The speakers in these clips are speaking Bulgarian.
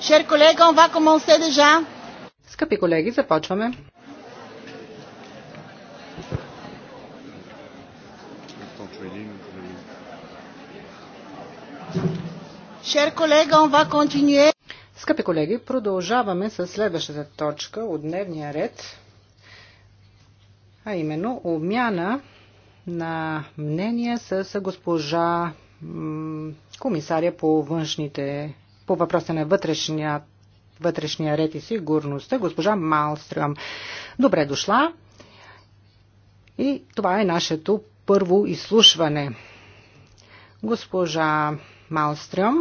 Chers collègues, on va commencer déjà. Скъпи колеги, започваме. Chers collègues, on va continuer. Скъпи колеги, продължаваме с следващата точка от дневния ред, а именно обмяна на мнение с госпожа комисаря по външните, по въпроса на вътрешния, вътрешния ред и сигурността, госпожа Малстрам. Добре дошла и това е нашето първо изслушване. Госпожа Малстрем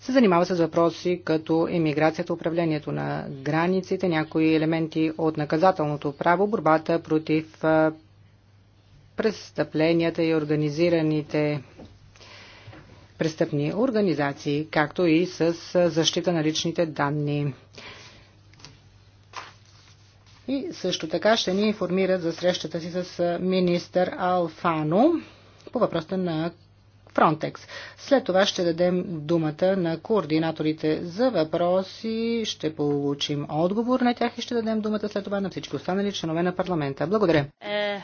се занимава с въпроси като емиграцията, управлението на границите, някои елементи от наказателното право, борбата против престъпленията и организираните престъпни организации, както и с защита на личните данни. И също така ще ни информират за срещата си с министър Алфано по въпроса на Фронтекс. След това ще дадем думата на координаторите за въпроси, ще получим отговор на тях и ще дадем думата след това на всички останали членове на парламента. Благодаря. Е,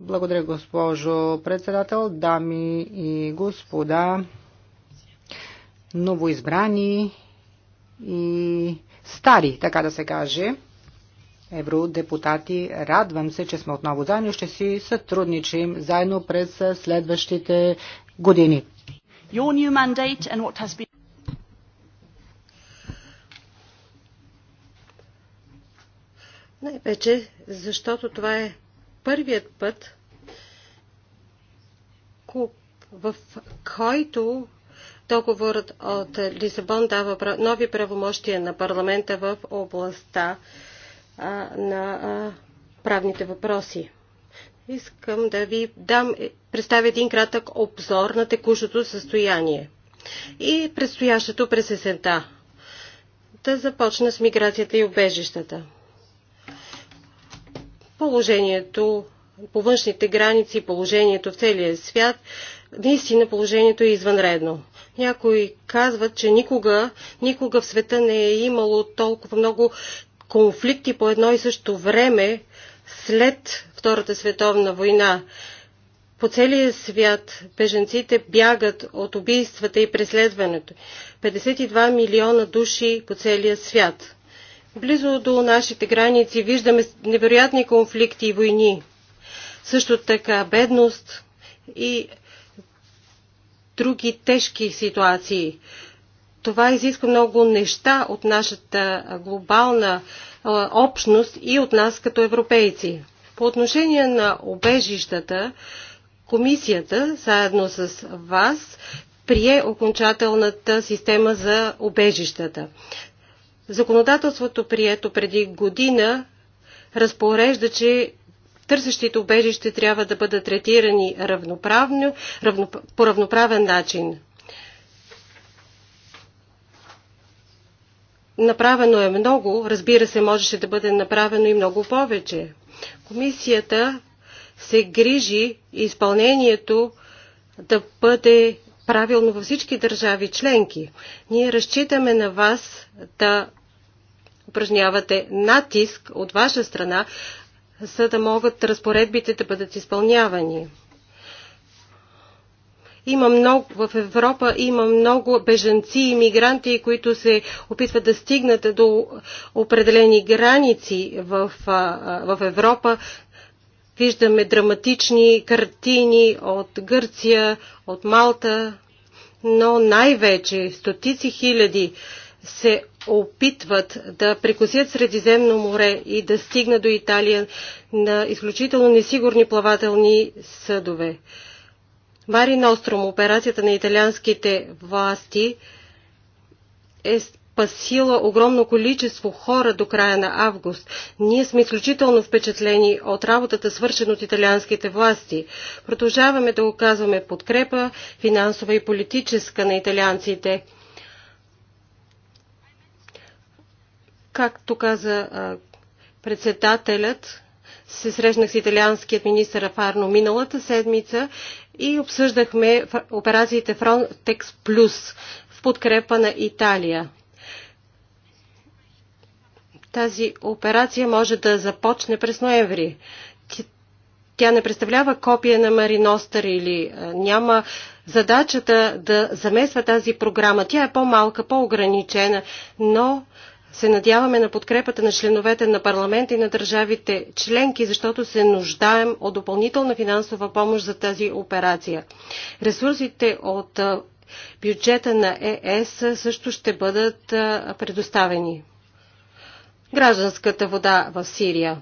Благодаря, госпожо председател, дами и господа, новоизбрани и стари, така да се каже евродепутати. Радвам се, че сме отново заедно и ще си сътрудничим заедно през следващите години. Been... Най-вече, защото това е първият път, в който договорът от Лисабон дава нови правомощия на парламента в областта на правните въпроси. Искам да ви дам, е, представя един кратък обзор на текущото състояние и предстоящото през есента. Да започна с миграцията и убежищата. Положението по външните граници, положението в целия свят, наистина положението е извънредно. Някои казват, че никога, никога в света не е имало толкова много конфликти по едно и също време след Втората световна война. По целия свят беженците бягат от убийствата и преследването. 52 милиона души по целия свят. Близо до нашите граници виждаме невероятни конфликти и войни. Също така бедност и други тежки ситуации това изисква много неща от нашата глобална общност и от нас като европейци. По отношение на обежищата, комисията, заедно с вас, прие окончателната система за обежищата. Законодателството, прието преди година, разпорежда, че търсещите обежище трябва да бъдат третирани равноправно, равно, по равноправен начин. Направено е много, разбира се, можеше да бъде направено и много повече. Комисията се грижи изпълнението да бъде правилно във всички държави членки. Ние разчитаме на вас да упражнявате натиск от ваша страна, за да могат разпоредбите да бъдат изпълнявани. Има много, в Европа има много беженци и мигранти, които се опитват да стигнат до определени граници в, в Европа. Виждаме драматични картини от Гърция, от Малта, но най-вече стотици хиляди се опитват да прекосят Средиземно море и да стигнат до Италия на изключително несигурни плавателни съдове. Мари Ностром, операцията на италианските власти, е спасила огромно количество хора до края на август. Ние сме изключително впечатлени от работата, свършена от италианските власти. Продължаваме да оказваме подкрепа, финансова и политическа на италианците. Както каза председателят, се срещнах с италианският министър Фарно миналата седмица и обсъждахме операциите Frontex Plus в подкрепа на Италия. Тази операция може да започне през ноември. Тя не представлява копия на Мариностър или няма задачата да замесва тази програма. Тя е по-малка, по-ограничена, но се надяваме на подкрепата на членовете на парламента и на държавите членки, защото се нуждаем от допълнителна финансова помощ за тази операция. Ресурсите от бюджета на ЕС също ще бъдат предоставени. Гражданската вода в Сирия.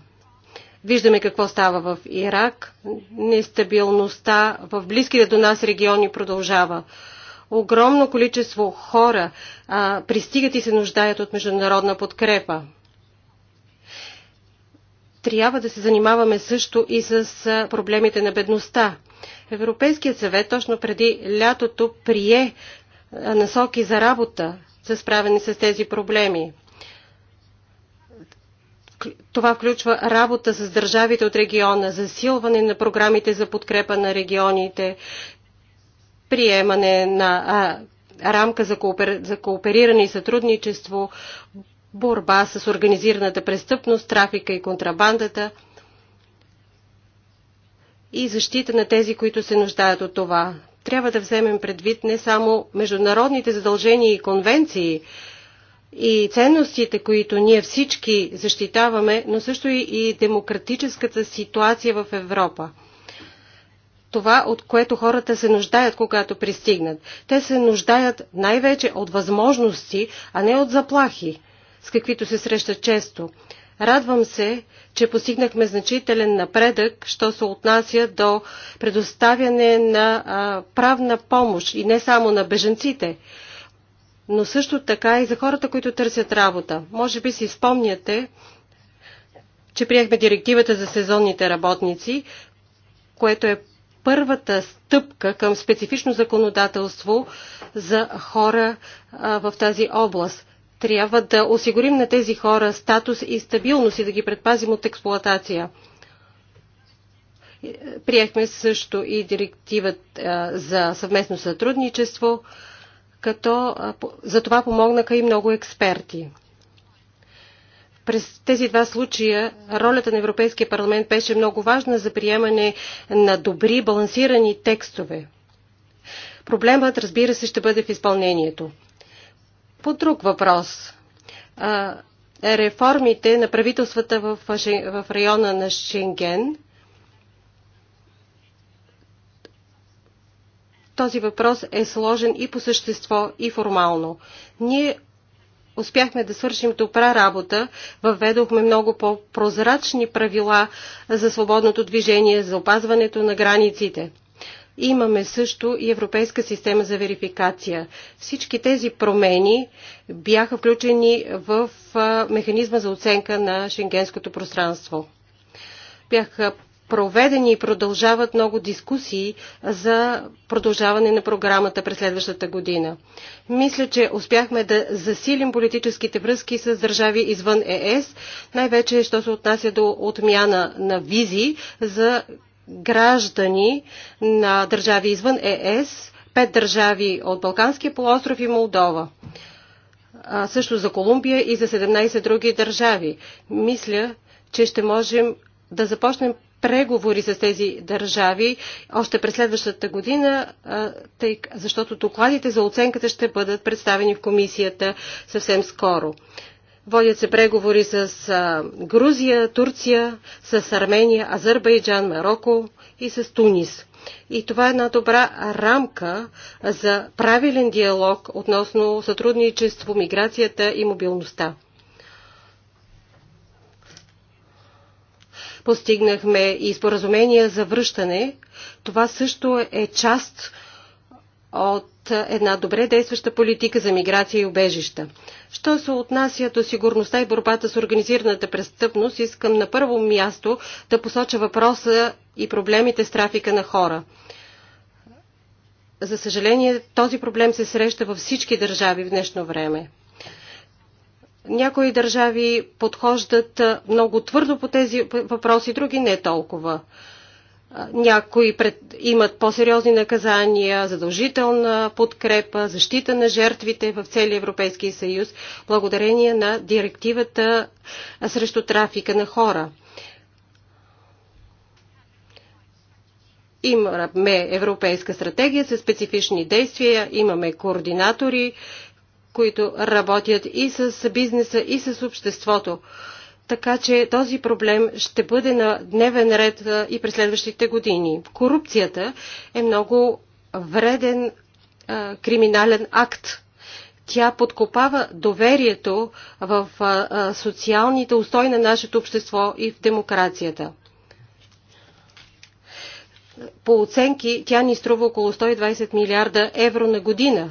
Виждаме какво става в Ирак. Нестабилността в близките до нас региони продължава огромно количество хора а, пристигат и се нуждаят от международна подкрепа. Трябва да се занимаваме също и с проблемите на бедността. Европейският съвет точно преди лятото прие насоки за работа за справяне с тези проблеми. Това включва работа с държавите от региона, засилване на програмите за подкрепа на регионите, приемане на а, рамка за, коопер... за коопериране и сътрудничество, борба с организираната престъпност, трафика и контрабандата и защита на тези, които се нуждаят от това. Трябва да вземем предвид не само международните задължения и конвенции и ценностите, които ние всички защитаваме, но също и демократическата ситуация в Европа това, от което хората се нуждаят, когато пристигнат. Те се нуждаят най-вече от възможности, а не от заплахи, с каквито се срещат често. Радвам се, че постигнахме значителен напредък, що се отнася до предоставяне на а, правна помощ и не само на беженците, но също така и за хората, които търсят работа. Може би си спомняте, че приехме директивата за сезонните работници, което е първата стъпка към специфично законодателство за хора в тази област. Трябва да осигурим на тези хора статус и стабилност и да ги предпазим от експлоатация. Приехме също и директивът за съвместно сътрудничество, като за това помогнаха и много експерти. През тези два случая ролята на Европейския парламент беше много важна за приемане на добри, балансирани текстове. Проблемът, разбира се, ще бъде в изпълнението. По друг въпрос. Реформите на правителствата в района на Шенген този въпрос е сложен и по същество, и формално. Ние успяхме да свършим добра работа, въведохме много по-прозрачни правила за свободното движение, за опазването на границите. Имаме също и Европейска система за верификация. Всички тези промени бяха включени в механизма за оценка на шенгенското пространство. Бяха проведени и продължават много дискусии за продължаване на програмата през следващата година. Мисля, че успяхме да засилим политическите връзки с държави извън ЕС, най-вече, що се отнася до отмяна на визи за граждани на държави извън ЕС, пет държави от Балканския полуостров и Молдова. А, също за Колумбия и за 17 други държави. Мисля, че ще можем да започнем преговори с тези държави още през следващата година, тъй, защото докладите за оценката ще бъдат представени в комисията съвсем скоро. Водят се преговори с Грузия, Турция, с Армения, Азербайджан, Марокко и с Тунис. И това е една добра рамка за правилен диалог относно сътрудничество, миграцията и мобилността. Постигнахме и споразумения за връщане. Това също е част от една добре действаща политика за миграция и убежища. Що се отнася до сигурността и борбата с организираната престъпност, искам на първо място да посоча въпроса и проблемите с трафика на хора. За съжаление, този проблем се среща във всички държави в днешно време. Някои държави подхождат много твърдо по тези въпроси, други не толкова. Някои пред, имат по-сериозни наказания, задължителна подкрепа, защита на жертвите в целия Европейски съюз, благодарение на директивата срещу трафика на хора. Имаме европейска стратегия с специфични действия, имаме координатори, които работят и с бизнеса, и с обществото. Така че този проблем ще бъде на дневен ред и през следващите години. Корупцията е много вреден а, криминален акт. Тя подкопава доверието в а, а, социалните устои на нашето общество и в демокрацията. По оценки тя ни струва около 120 милиарда евро на година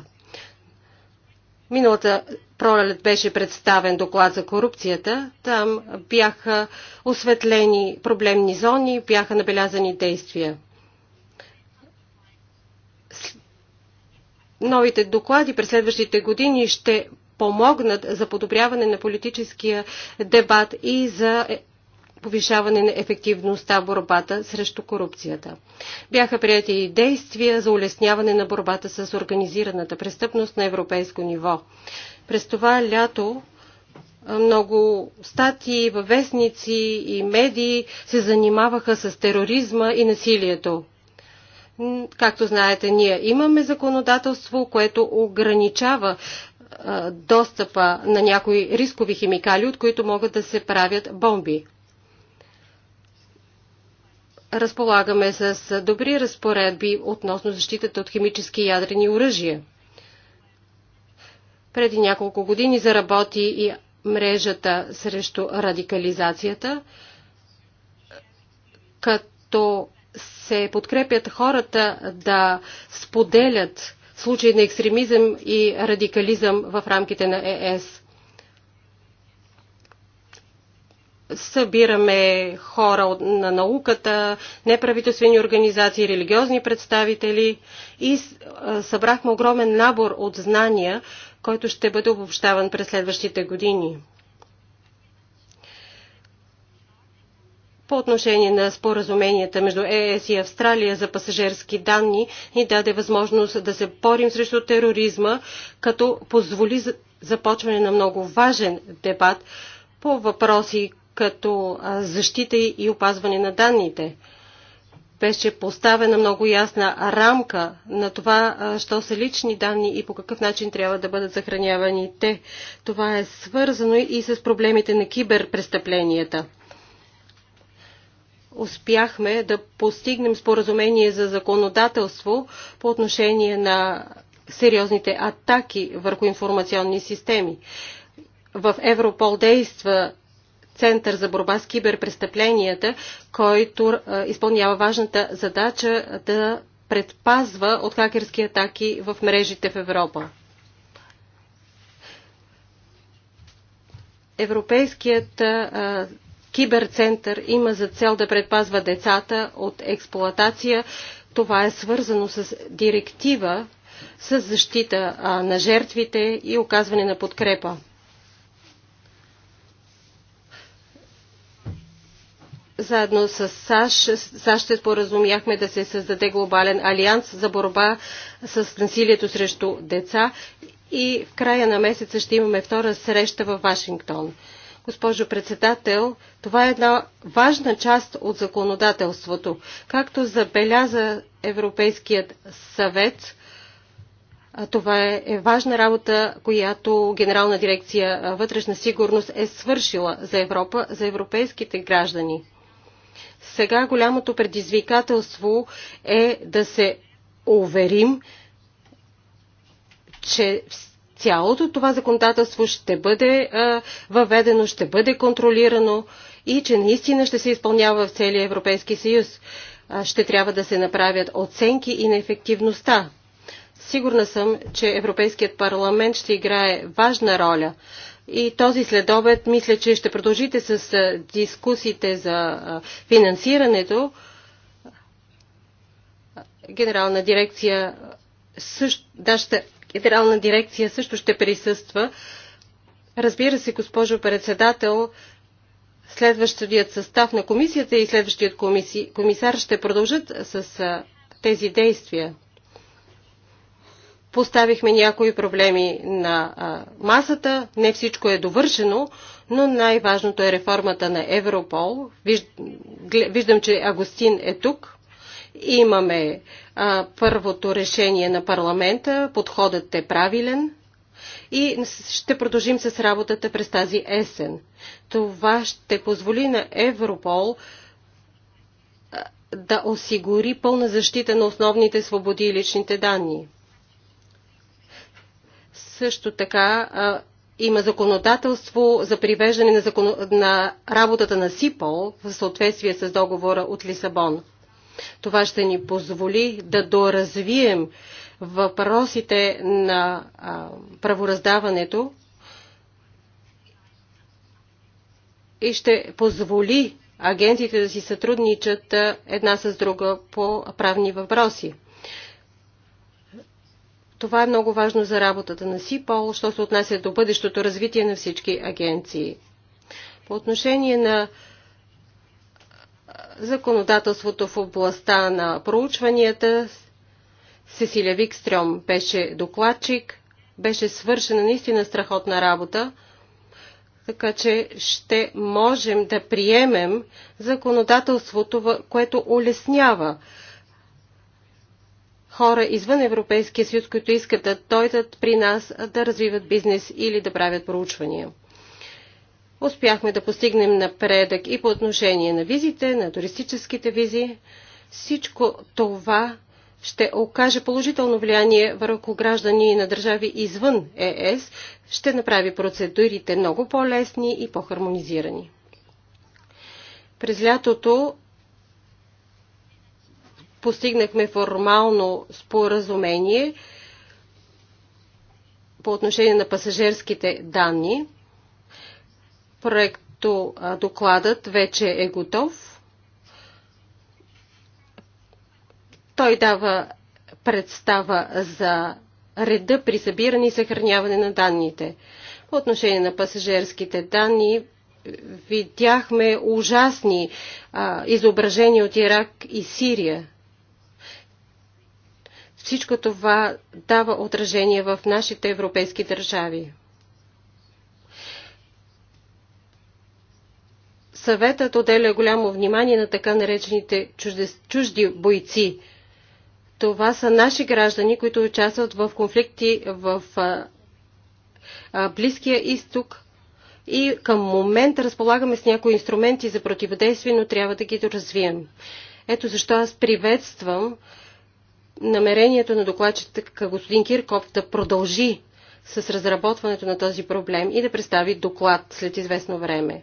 Миналата пролет беше представен доклад за корупцията. Там бяха осветлени проблемни зони, бяха набелязани действия. Новите доклади през следващите години ще помогнат за подобряване на политическия дебат и за повишаване на ефективността в борбата срещу корупцията. Бяха прияти и действия за улесняване на борбата с организираната престъпност на европейско ниво. През това лято много статии във вестници и медии се занимаваха с тероризма и насилието. Както знаете, ние имаме законодателство, което ограничава достъпа на някои рискови химикали, от които могат да се правят бомби разполагаме с добри разпоредби относно защитата от химически и ядрени оръжия. Преди няколко години заработи и мрежата срещу радикализацията, като се подкрепят хората да споделят случаи на екстремизъм и радикализъм в рамките на ЕС. събираме хора на науката, неправителствени организации, религиозни представители и събрахме огромен набор от знания, който ще бъде обобщаван през следващите години. По отношение на споразуменията между ЕС и Австралия за пасажирски данни ни даде възможност да се борим срещу тероризма, като позволи започване на много важен дебат по въпроси, като защита и опазване на данните. Беше поставена много ясна рамка на това, що са лични данни и по какъв начин трябва да бъдат съхранявани те. Това е свързано и с проблемите на киберпрестъпленията успяхме да постигнем споразумение за законодателство по отношение на сериозните атаки върху информационни системи. В Европол действа Център за борба с киберпрестъпленията, който е, изпълнява важната задача да предпазва от хакерски атаки в мрежите в Европа. Европейският а, е, киберцентър има за цел да предпазва децата от експлоатация. Това е свързано с директива с защита а, на жертвите и оказване на подкрепа. заедно с САЩ, САЩ се споразумяхме да се създаде глобален алианс за борба с насилието срещу деца и в края на месеца ще имаме втора среща в Вашингтон. Госпожо председател, това е една важна част от законодателството. Както забеляза Европейският съвет, това е, е важна работа, която Генерална дирекция вътрешна сигурност е свършила за Европа, за европейските граждани. Сега голямото предизвикателство е да се уверим, че цялото това законодателство ще бъде а, въведено, ще бъде контролирано и че наистина ще се изпълнява в целия Европейски съюз. А, ще трябва да се направят оценки и на ефективността. Сигурна съм, че Европейският парламент ще играе важна роля. И този следобед мисля, че ще продължите с дискусиите за финансирането. Генерална дирекция също, да, ще, генерална дирекция също ще присъства. Разбира се, госпожо председател, следващият състав на комисията и следващият комиси, комисар ще продължат с тези действия. Поставихме някои проблеми на масата. Не всичко е довършено, но най-важното е реформата на Европол. Виждам, че Агустин е тук. Имаме а, първото решение на парламента. Подходът е правилен и ще продължим с работата през тази есен. Това ще позволи на Европол да осигури пълна защита на основните свободи и личните данни. Също така има законодателство за привеждане на, закон... на работата на СИПОЛ в съответствие с договора от Лисабон. Това ще ни позволи да доразвием въпросите на а, правораздаването и ще позволи агенциите да си сътрудничат една с друга по правни въпроси. Това е много важно за работата на СИПОЛ, що се отнася до бъдещото развитие на всички агенции. По отношение на законодателството в областта на проучванията, Сесилия Викстрем беше докладчик, беше свършена наистина страхотна работа, така че ще можем да приемем законодателството, което улеснява хора извън Европейския съюз, които искат да дойдат при нас да развиват бизнес или да правят проучвания. Успяхме да постигнем напредък и по отношение на визите, на туристическите визи. Всичко това ще окаже положително влияние върху граждани на държави извън ЕС, ще направи процедурите много по-лесни и по-хармонизирани. През лятото постигнахме формално споразумение по отношение на пасажирските данни. Проекто докладът вече е готов. Той дава представа за реда при събиране и съхраняване на данните. По отношение на пасажирските данни видяхме ужасни а, изображения от Ирак и Сирия. Всичко това дава отражение в нашите европейски държави. Съветът отделя голямо внимание на така наречените чужди, чужди бойци. Това са наши граждани, които участват в конфликти в а, а, Близкия изток и към момента разполагаме с някои инструменти за противодействие, но трябва да ги доразвием. Ето защо аз приветствам намерението на докладчика господин Кирков да продължи с разработването на този проблем и да представи доклад след известно време.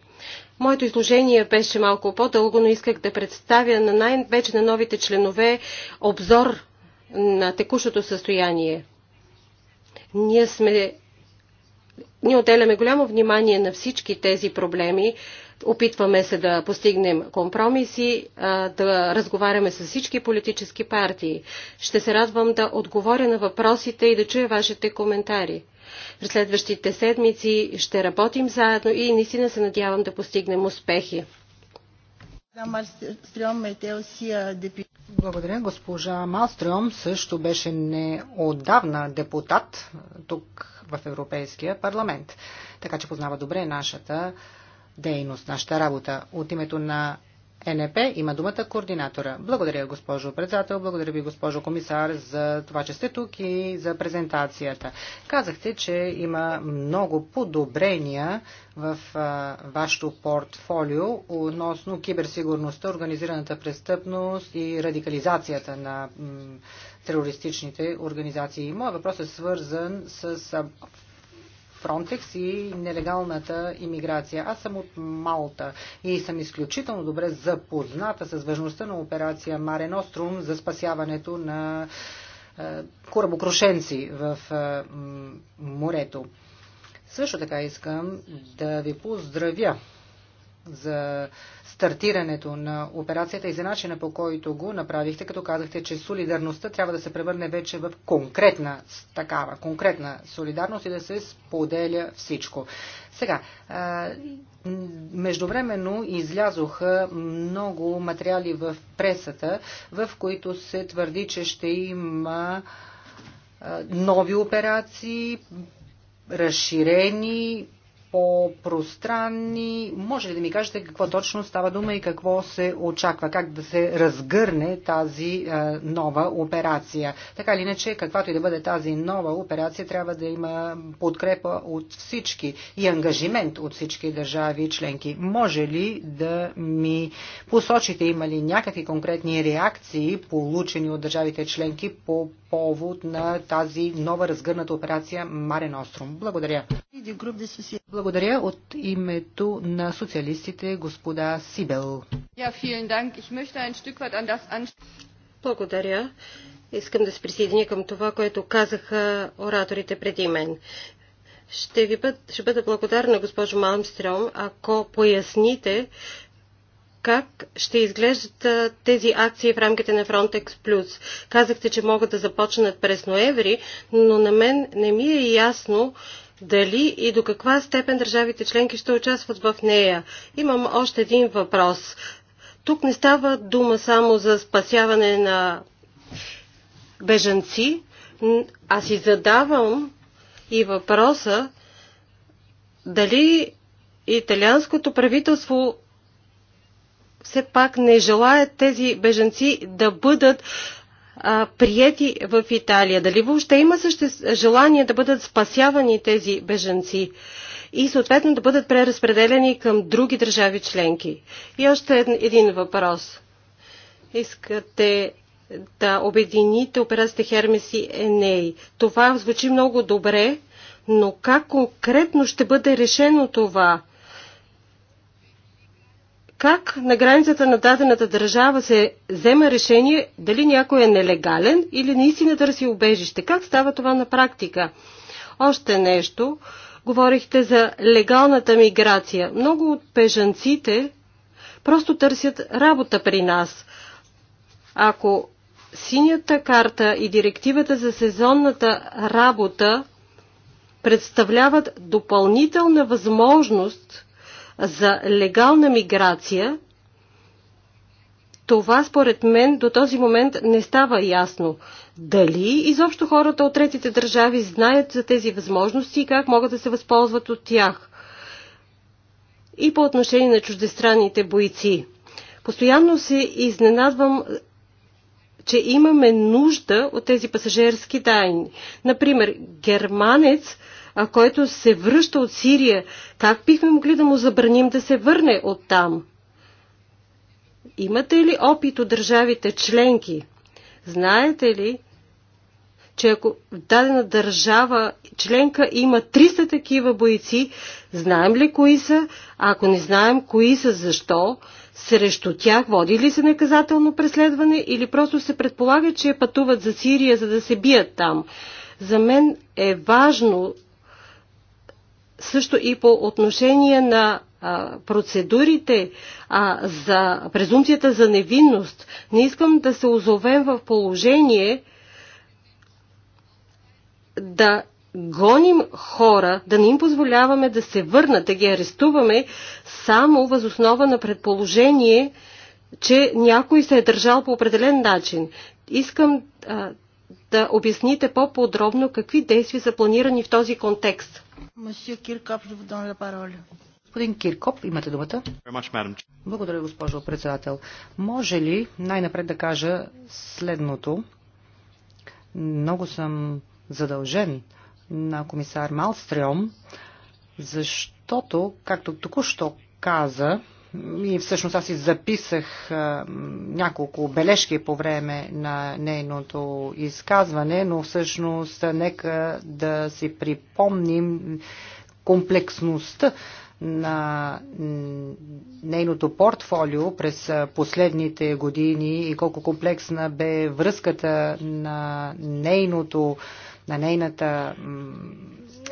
Моето изложение беше малко по-дълго, но исках да представя на най-вече на новите членове обзор на текущото състояние. Ние сме ние отделяме голямо внимание на всички тези проблеми, Опитваме се да постигнем компромиси, да разговаряме с всички политически партии. Ще се радвам да отговоря на въпросите и да чуя вашите коментари. В следващите седмици ще работим заедно и наистина се надявам да постигнем успехи. Благодаря. Госпожа Малстрем също беше неодавна депутат тук в Европейския парламент, така че познава добре нашата дейност, нашата работа. От името на НП има думата координатора. Благодаря, госпожо председател, благодаря ви, госпожо комисар, за това, че сте тук и за презентацията. Казахте, че има много подобрения в вашето портфолио относно киберсигурността, организираната престъпност и радикализацията на терористичните организации. Моя въпрос е свързан с Фронтекс и нелегалната иммиграция. Аз съм от Малта и съм изключително добре запозната с важността на операция Марен Острум за спасяването на е, корабокрушенци в е, морето. Също така искам да ви поздравя за стартирането на операцията и за начина по който го направихте, като казахте, че солидарността трябва да се превърне вече в конкретна такава, конкретна солидарност и да се споделя всичко. Сега, междувременно излязоха много материали в пресата, в които се твърди, че ще има нови операции, разширени по-пространни. Може ли да ми кажете какво точно става дума и какво се очаква? Как да се разгърне тази е, нова операция? Така или иначе, каквато и да бъде тази нова операция, трябва да има подкрепа от всички и ангажимент от всички държави и членки. Може ли да ми посочите, има ли някакви конкретни реакции, получени от държавите членки по повод на тази нова разгърната операция Марен Остром? Благодаря. Благодаря от името на социалистите господа Сибел. Благодаря. Искам да се присъединя към това, което казаха ораторите преди мен. Ще, ви бъд, ще бъда благодарна, госпожо Малмстрем, ако поясните как ще изглеждат тези акции в рамките на Frontex Plus. Казахте, че могат да започнат през ноември, но на мен не ми е ясно дали и до каква степен държавите членки ще участват в нея. Имам още един въпрос. Тук не става дума само за спасяване на бежанци, а си задавам и въпроса дали италианското правителство все пак не желая тези бежанци да бъдат а, прияти в Италия? Дали въобще има съще... желание да бъдат спасявани тези беженци и съответно да бъдат преразпределени към други държави членки? И още един въпрос. Искате да обедините операцията Хермес и Еней. Това звучи много добре, но как конкретно ще бъде решено това? как на границата на дадената държава се взема решение дали някой е нелегален или наистина търси убежище. Как става това на практика? Още нещо. Говорихте за легалната миграция. Много от бежанците просто търсят работа при нас. Ако синята карта и директивата за сезонната работа представляват допълнителна възможност за легална миграция, това според мен до този момент не става ясно. Дали изобщо хората от третите държави знаят за тези възможности и как могат да се възползват от тях? И по отношение на чуждестранните бойци. Постоянно се изненадвам че имаме нужда от тези пасажирски тайни. Например, германец, а който се връща от Сирия, как бихме могли да му забраним да се върне от там? Имате ли опит от държавите членки? Знаете ли, че ако в дадена държава членка има 300 такива бойци, знаем ли кои са? А ако не знаем кои са, защо? Срещу тях води ли се наказателно преследване или просто се предполага, че пътуват за Сирия, за да се бият там? За мен е важно също и по отношение на процедурите а, за презумпцията за невинност. Не искам да се озовем в положение да гоним хора, да не им позволяваме да се върнат, да ги арестуваме само възоснова на предположение, че някой се е държал по определен начин. Искам а, да обясните по-подробно какви действия са планирани в този контекст. Господин Киркоп, имате думата. Благодаря, госпожо председател. Може ли най-напред да кажа следното? Много съм задължен на комисар Малстрем, защото, както току-що каза, и всъщност аз си записах няколко бележки по време на нейното изказване, но всъщност нека да си припомним комплексността на нейното портфолио през последните години и колко комплексна бе връзката на нейното на нейната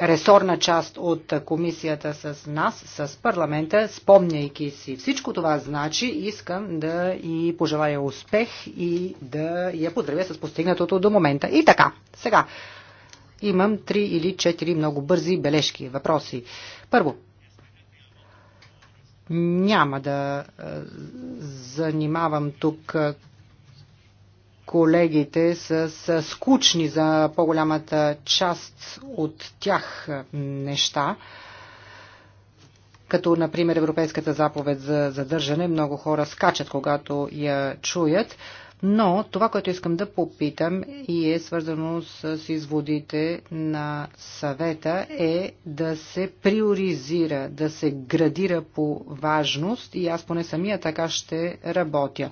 ресорна част от комисията с нас, с парламента, спомняйки си всичко това значи, искам да и пожелая успех и да я поздравя с постигнатото до момента. И така, сега имам три или четири много бързи бележки, въпроси. Първо, няма да е, занимавам тук колегите са, са скучни за по-голямата част от тях неща, като например Европейската заповед за задържане. Много хора скачат, когато я чуят. Но това, което искам да попитам и е свързано с изводите на съвета е да се приоризира, да се градира по важност и аз поне самия така ще работя.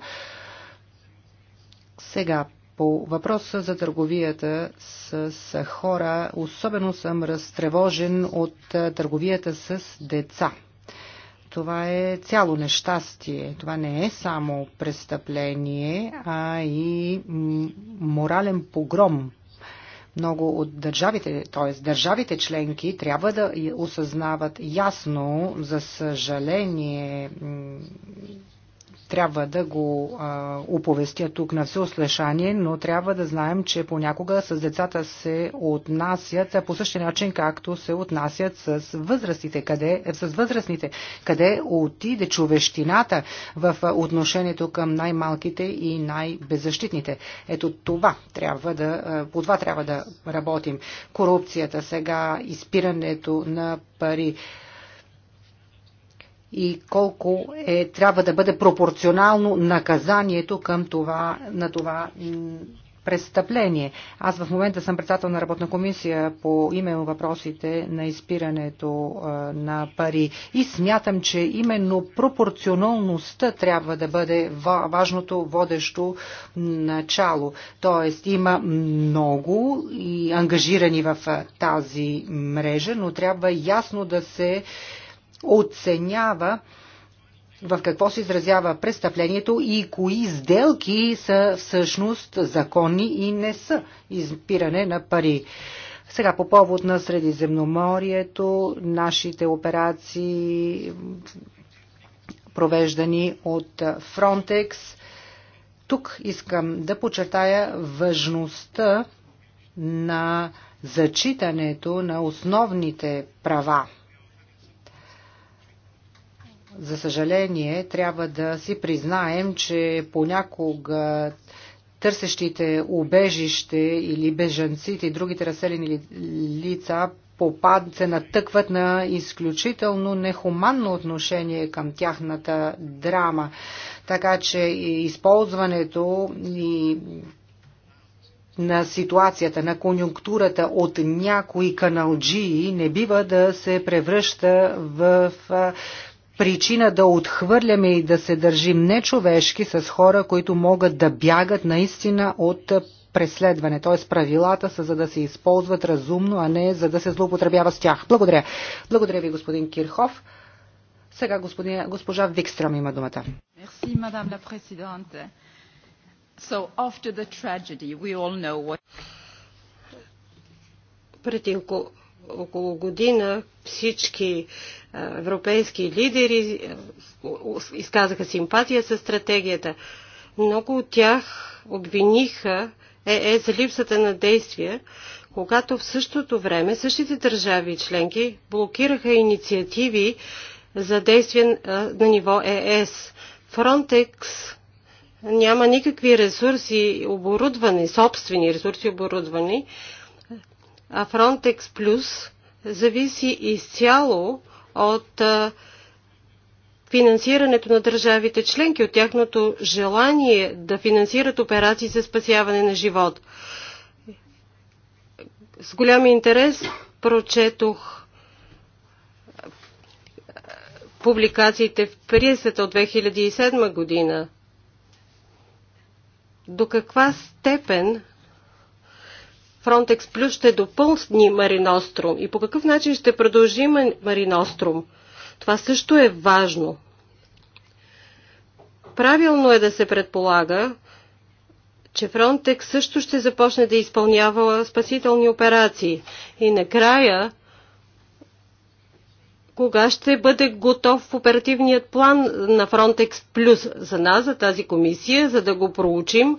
Сега по въпроса за търговията с, с хора, особено съм разтревожен от търговията с деца. Това е цяло нещастие. Това не е само престъпление, а и морален погром. Много от държавите, т.е. държавите членки, трябва да осъзнават ясно, за съжаление, трябва да го а, оповестя тук на всеослешание, но трябва да знаем, че понякога с децата се отнасят по същия начин, както се отнасят с възрастите. Къде, с възрастните. Къде отиде човещината в отношението към най-малките и най-беззащитните? Ето това трябва да, по това трябва да работим. Корупцията сега, изпирането на пари и колко е, трябва да бъде пропорционално наказанието към това, на това престъпление. Аз в момента съм председател на работна комисия по именно въпросите на изпирането на пари и смятам, че именно пропорционалността трябва да бъде важното водещо начало. Тоест има много и ангажирани в тази мрежа, но трябва ясно да се оценява в какво се изразява престъплението и кои сделки са всъщност законни и не са изпиране на пари. Сега по повод на Средиземноморието, нашите операции, провеждани от Frontex, тук искам да подчертая важността на зачитането на основните права за съжаление, трябва да си признаем, че понякога търсещите убежище или бежанците и другите разселени лица попад, се натъкват на изключително нехуманно отношение към тяхната драма. Така че използването и на ситуацията, на конюнктурата от някои каналджии не бива да се превръща в причина да отхвърляме и да се държим нечовешки с хора, които могат да бягат наистина от преследване. Т.е. правилата са за да се използват разумно, а не за да се злоупотребява с тях. Благодаря. Благодаря ви, господин Кирхов. Сега господин, госпожа Викстрам има думата. Merci, madame la présidente. So after the tragedy, we all know what... Претинко, около година всички европейски лидери изказаха симпатия с стратегията. Много от тях обвиниха ЕЕ е за липсата на действия, когато в същото време същите държави и членки блокираха инициативи за действия на ниво ЕС. Е Фронтекс няма никакви ресурси, оборудване, собствени ресурси, оборудвани, а Frontex Plus зависи изцяло от финансирането на държавите членки, от тяхното желание да финансират операции за спасяване на живот. С голям интерес прочетох публикациите в пресата от 2007 година. До каква степен Фронтекс Плюс ще допълни Мариностром и по какъв начин ще продължи Мариностром. Това също е важно. Правилно е да се предполага, че Фронтекс също ще започне да изпълнява спасителни операции. И накрая, кога ще бъде готов оперативният план на Фронтекс плюс за нас, за тази комисия, за да го проучим,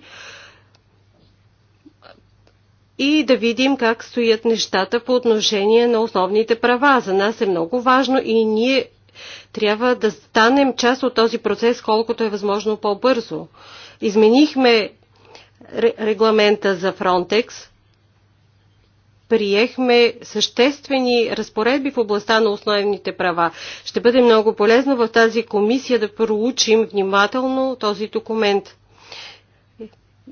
и да видим как стоят нещата по отношение на основните права. За нас е много важно и ние трябва да станем част от този процес колкото е възможно по-бързо. Изменихме регламента за Frontex, приехме съществени разпоредби в областта на основните права. Ще бъде много полезно в тази комисия да проучим внимателно този документ.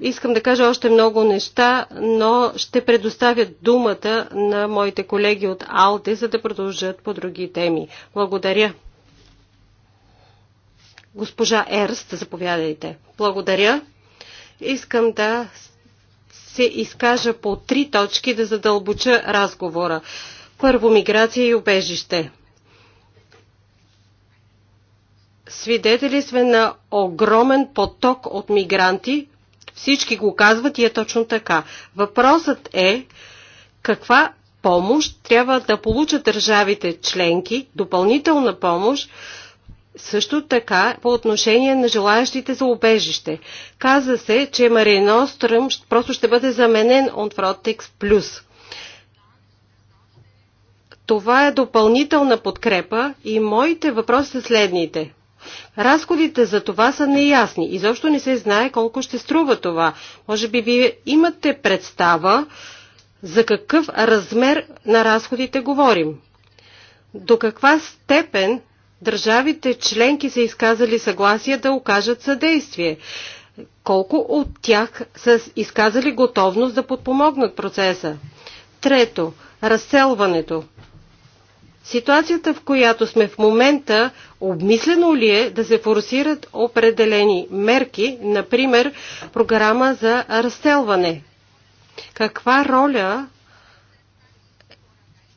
Искам да кажа още много неща, но ще предоставя думата на моите колеги от АЛТЕ, за да продължат по други теми. Благодаря. Госпожа Ерст, заповядайте. Благодаря. Искам да се изкажа по три точки да задълбоча разговора. Първо, миграция и убежище. Свидетели сме на огромен поток от мигранти, всички го казват и е точно така. Въпросът е каква помощ трябва да получат държавите членки, допълнителна помощ, също така по отношение на желаящите за убежище. Каза се, че Марино Стръм просто ще бъде заменен от Frontex Plus. Това е допълнителна подкрепа и моите въпроси са следните – Разходите за това са неясни. Изобщо не се знае колко ще струва това. Може би вие имате представа за какъв размер на разходите говорим. До каква степен държавите членки са изказали съгласие да окажат съдействие? Колко от тях са изказали готовност да подпомогнат процеса? Трето, разселването. Ситуацията, в която сме в момента, обмислено ли е да се форсират определени мерки, например програма за разселване? Каква роля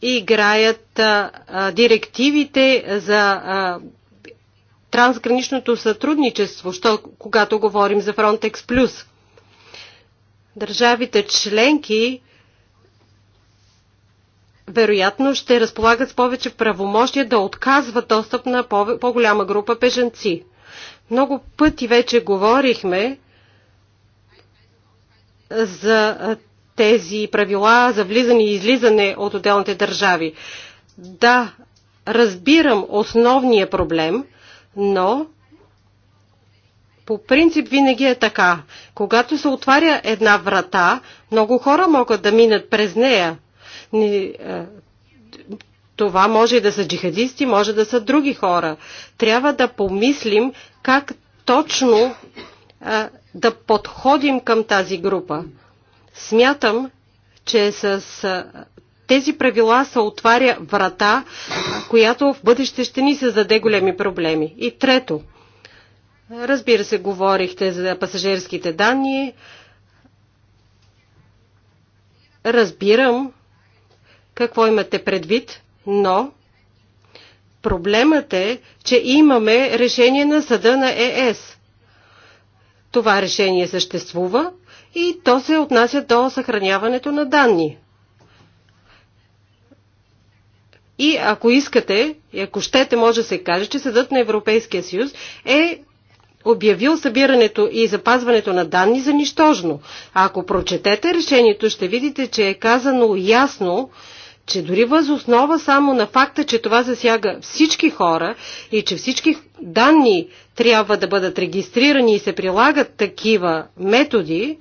играят а, а, директивите за а, трансграничното сътрудничество, що, когато говорим за Frontex Plus? Държавите членки вероятно ще разполагат с повече правомощия да отказват достъп на по-голяма по група беженци. Много пъти вече говорихме за тези правила за влизане и излизане от отделните държави. Да, разбирам основния проблем, но по принцип винаги е така. Когато се отваря една врата, много хора могат да минат през нея, ни, е, това може и да са джихадисти, може да са други хора. Трябва да помислим как точно а, е, да подходим към тази група. Смятам, че с а, е, тези правила се отваря врата, която в бъдеще ще ни се заде големи проблеми. И трето, разбира се, говорихте за пасажирските данни. Разбирам, какво имате предвид, но проблемът е, че имаме решение на съда на ЕС. Това решение съществува и то се отнася до съхраняването на данни. И ако искате, и ако щете, може да се каже, че Съдът на Европейския съюз е обявил събирането и запазването на данни за нищожно. А ако прочетете решението, ще видите, че е казано ясно, че дори възоснова само на факта, че това засяга всички хора и че всички данни трябва да бъдат регистрирани и се прилагат такива методи,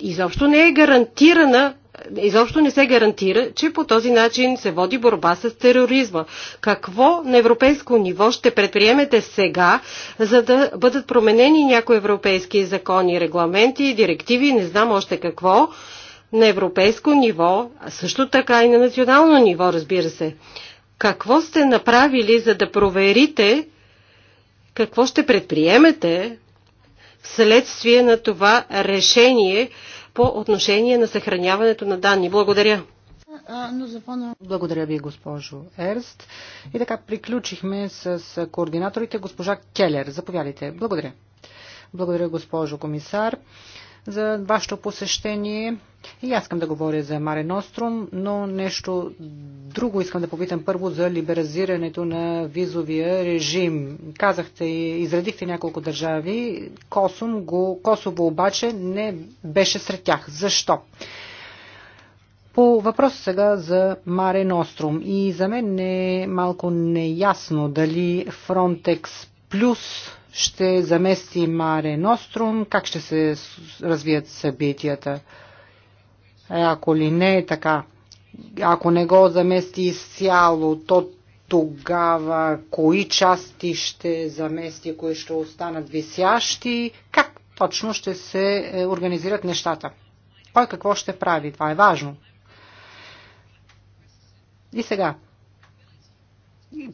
изобщо не е гарантирана изобщо не се гарантира, че по този начин се води борба с тероризма. Какво на европейско ниво ще предприемете сега, за да бъдат променени някои европейски закони, регламенти, директиви, не знам още какво, на европейско ниво, а също така и на национално ниво, разбира се. Какво сте направили, за да проверите какво ще предприемете вследствие на това решение по отношение на съхраняването на данни? Благодаря. Благодаря ви, госпожо Ерст. И така приключихме с координаторите. Госпожа Келер, заповядайте. Благодаря. Благодаря, госпожо комисар за вашето посещение. И аз искам да говоря за Маре Ностром, но нещо друго искам да попитам първо за либерализирането на визовия режим. Казахте и изредихте няколко държави, Косом го, Косово обаче не беше сред тях. Защо? По въпрос сега за Маре Ностром. И за мен е малко неясно дали Фронтекс плюс ще замести Маре Нострум, как ще се развият събитията. Ако ли не е така, ако не го замести изцяло, то тогава кои части ще замести, кои ще останат висящи, как точно ще се е, организират нещата. Кой какво ще прави, това е важно. И сега,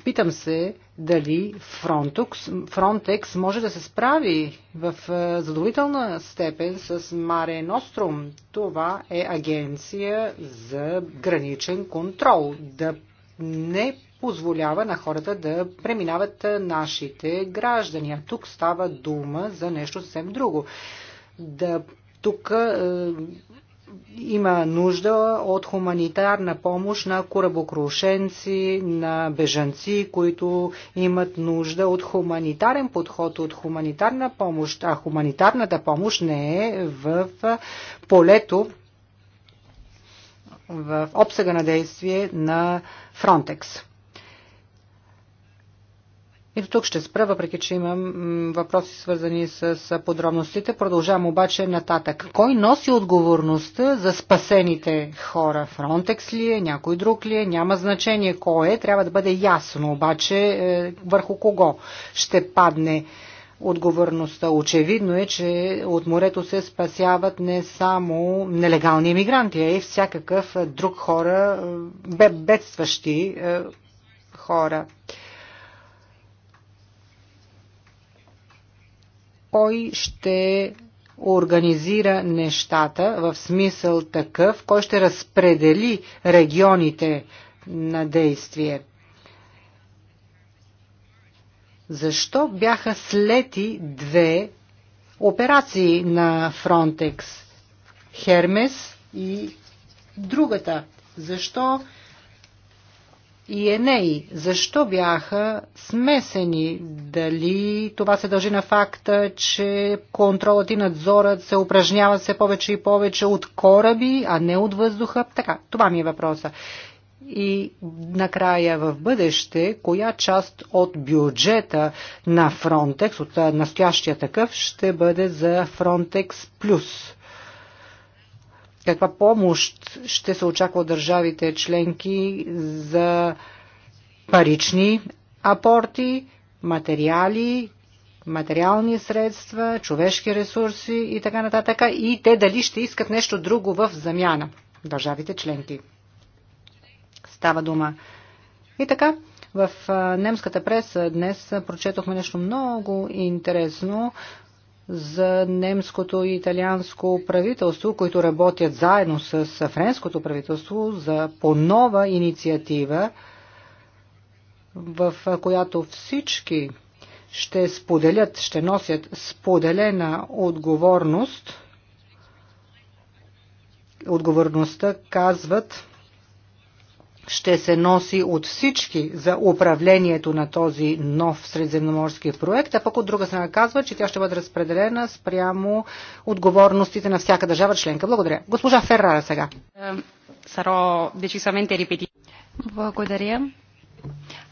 Питам се дали Frontex, Frontex може да се справи в е, задоволителна степен с Маре Нострум, Това е агенция за граничен контрол. Да не позволява на хората да преминават нашите граждани. А тук става дума за нещо съвсем друго. Да тук е, има нужда от хуманитарна помощ на корабокрушенци, на бежанци, които имат нужда от хуманитарен подход, от хуманитарна помощ, а хуманитарната помощ не е в полето, в обсега на действие на Фронтекс. И до тук ще спра, въпреки че имам въпроси свързани с подробностите. Продължавам обаче нататък. Кой носи отговорността за спасените хора? Фронтекс ли е? Някой друг ли е? Няма значение кой е. Трябва да бъде ясно обаче е, върху кого ще падне отговорността. Очевидно е, че от морето се спасяват не само нелегални иммигранти, а и всякакъв друг хора, е, бедстващи е, хора. кой ще организира нещата в смисъл такъв, кой ще разпредели регионите на действие. Защо бяха слети две операции на Фронтекс? Хермес и другата. Защо и Еней. Защо бяха смесени? Дали това се дължи на факта, че контролът и надзорът се упражняват все повече и повече от кораби, а не от въздуха? Така, това ми е въпроса. И накрая в бъдеще, коя част от бюджета на Фронтекс, от настоящия такъв, ще бъде за Фронтекс плюс? каква помощ ще се очаква от държавите членки за парични апорти, материали, материални средства, човешки ресурси и така нататък. И те дали ще искат нещо друго в замяна. Държавите членки. Става дума. И така, в немската преса днес прочетохме нещо много интересно за немското и италианско правителство, които работят заедно с френското правителство за по-нова инициатива, в която всички ще споделят, ще носят споделена отговорност. Отговорността, казват, ще се носи от всички за управлението на този нов средиземноморски проект, а пък от друга страна казва, че тя ще бъде разпределена спрямо отговорностите на всяка държава членка. Благодаря. Госпожа Феррара сега. Саро, дечисаменте репети. Благодаря.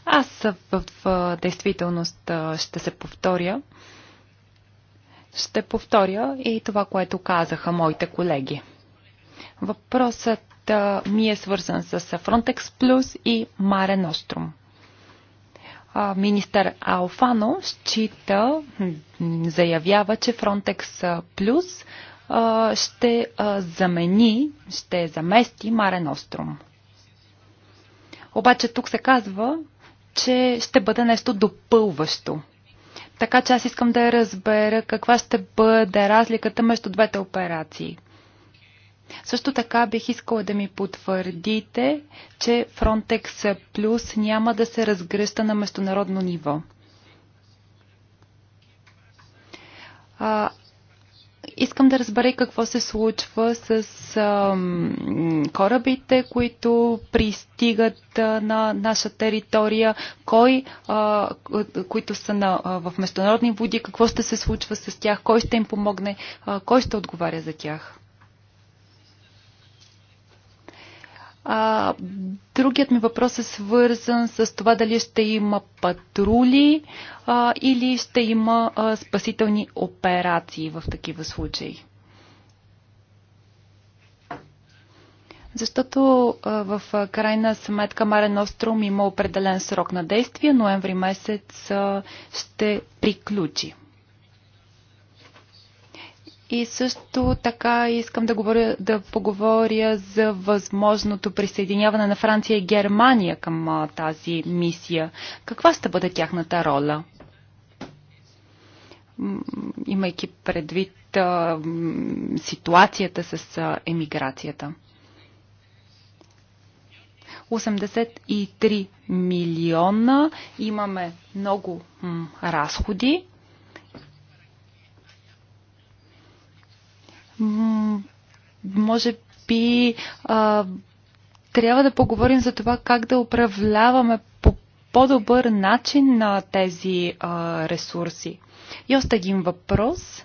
Аз в, в действителност ще се повторя. Ще повторя и това, което казаха моите колеги. Въпросът ми е свързан с Frontex Plus и Mare Nostrum. Министър Алфано счита, заявява, че Frontex Plus ще замени, ще замести Mare Nostrum. Обаче тук се казва, че ще бъде нещо допълващо. Така че аз искам да разбера каква ще бъде разликата между двете операции. Също така бих искала да ми потвърдите, че Frontex Plus няма да се разгръща на международно ниво. А, искам да разбера какво се случва с а, корабите, които пристигат а, на наша територия, кой, а, които са на, а, в международни води, какво ще се случва с тях, кой ще им помогне, а, кой ще отговаря за тях. А, другият ми въпрос е свързан с това дали ще има патрули а, или ще има а, спасителни операции в такива случаи. Защото а, в а, крайна сметка Марен Острум има определен срок на действие, ноември месец а, ще приключи. И също така искам да, говоря, да поговоря за възможното присъединяване на Франция и Германия към а, тази мисия. Каква ще бъде тяхната роля? Имайки предвид а, ситуацията с а, емиграцията. 83 милиона имаме много разходи може би а, трябва да поговорим за това как да управляваме по по-добър начин на тези а, ресурси. И още един въпрос.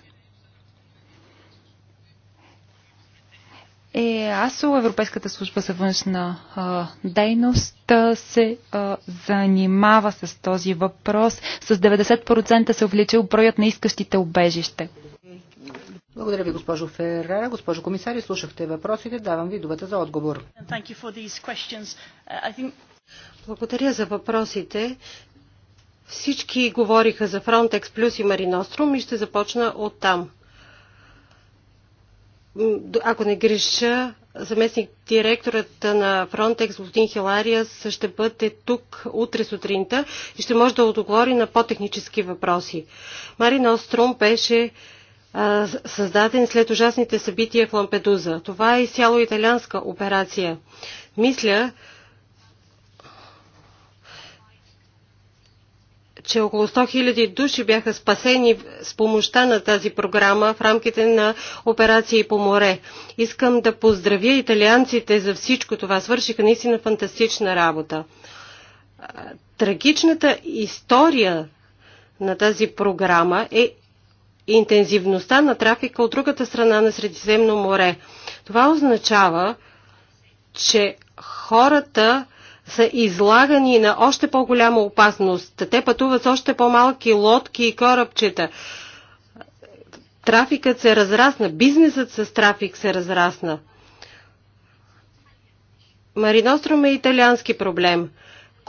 Е, АСО, Европейската служба за външна а, дейност, а, се а, занимава с този въпрос. С 90% се увеличил броят на искащите обежище. Благодаря ви, госпожо Феррера. Госпожо комисари, слушахте въпросите. Давам ви думата за отговор. Uh, Благодаря за въпросите. Всички говориха за Frontex плюс и Мариностром и ще започна от там. Ако не греша, заместник директорът на Frontex, господин Хилариас, ще бъде тук утре сутринта и ще може да отговори на по-технически въпроси. Мариностром беше създаден след ужасните събития в Лампедуза. Това е изцяло италианска операция. Мисля, че около 100 000 души бяха спасени с помощта на тази програма в рамките на операции по море. Искам да поздравя италианците за всичко това. Свършиха наистина фантастична работа. Трагичната история на тази програма е интензивността на трафика от другата страна на Средиземно море. Това означава, че хората са излагани на още по-голяма опасност. Те пътуват с още по-малки лодки и корабчета. Трафикът се разрасна, бизнесът с трафик се разрасна. Мариностром е италиански проблем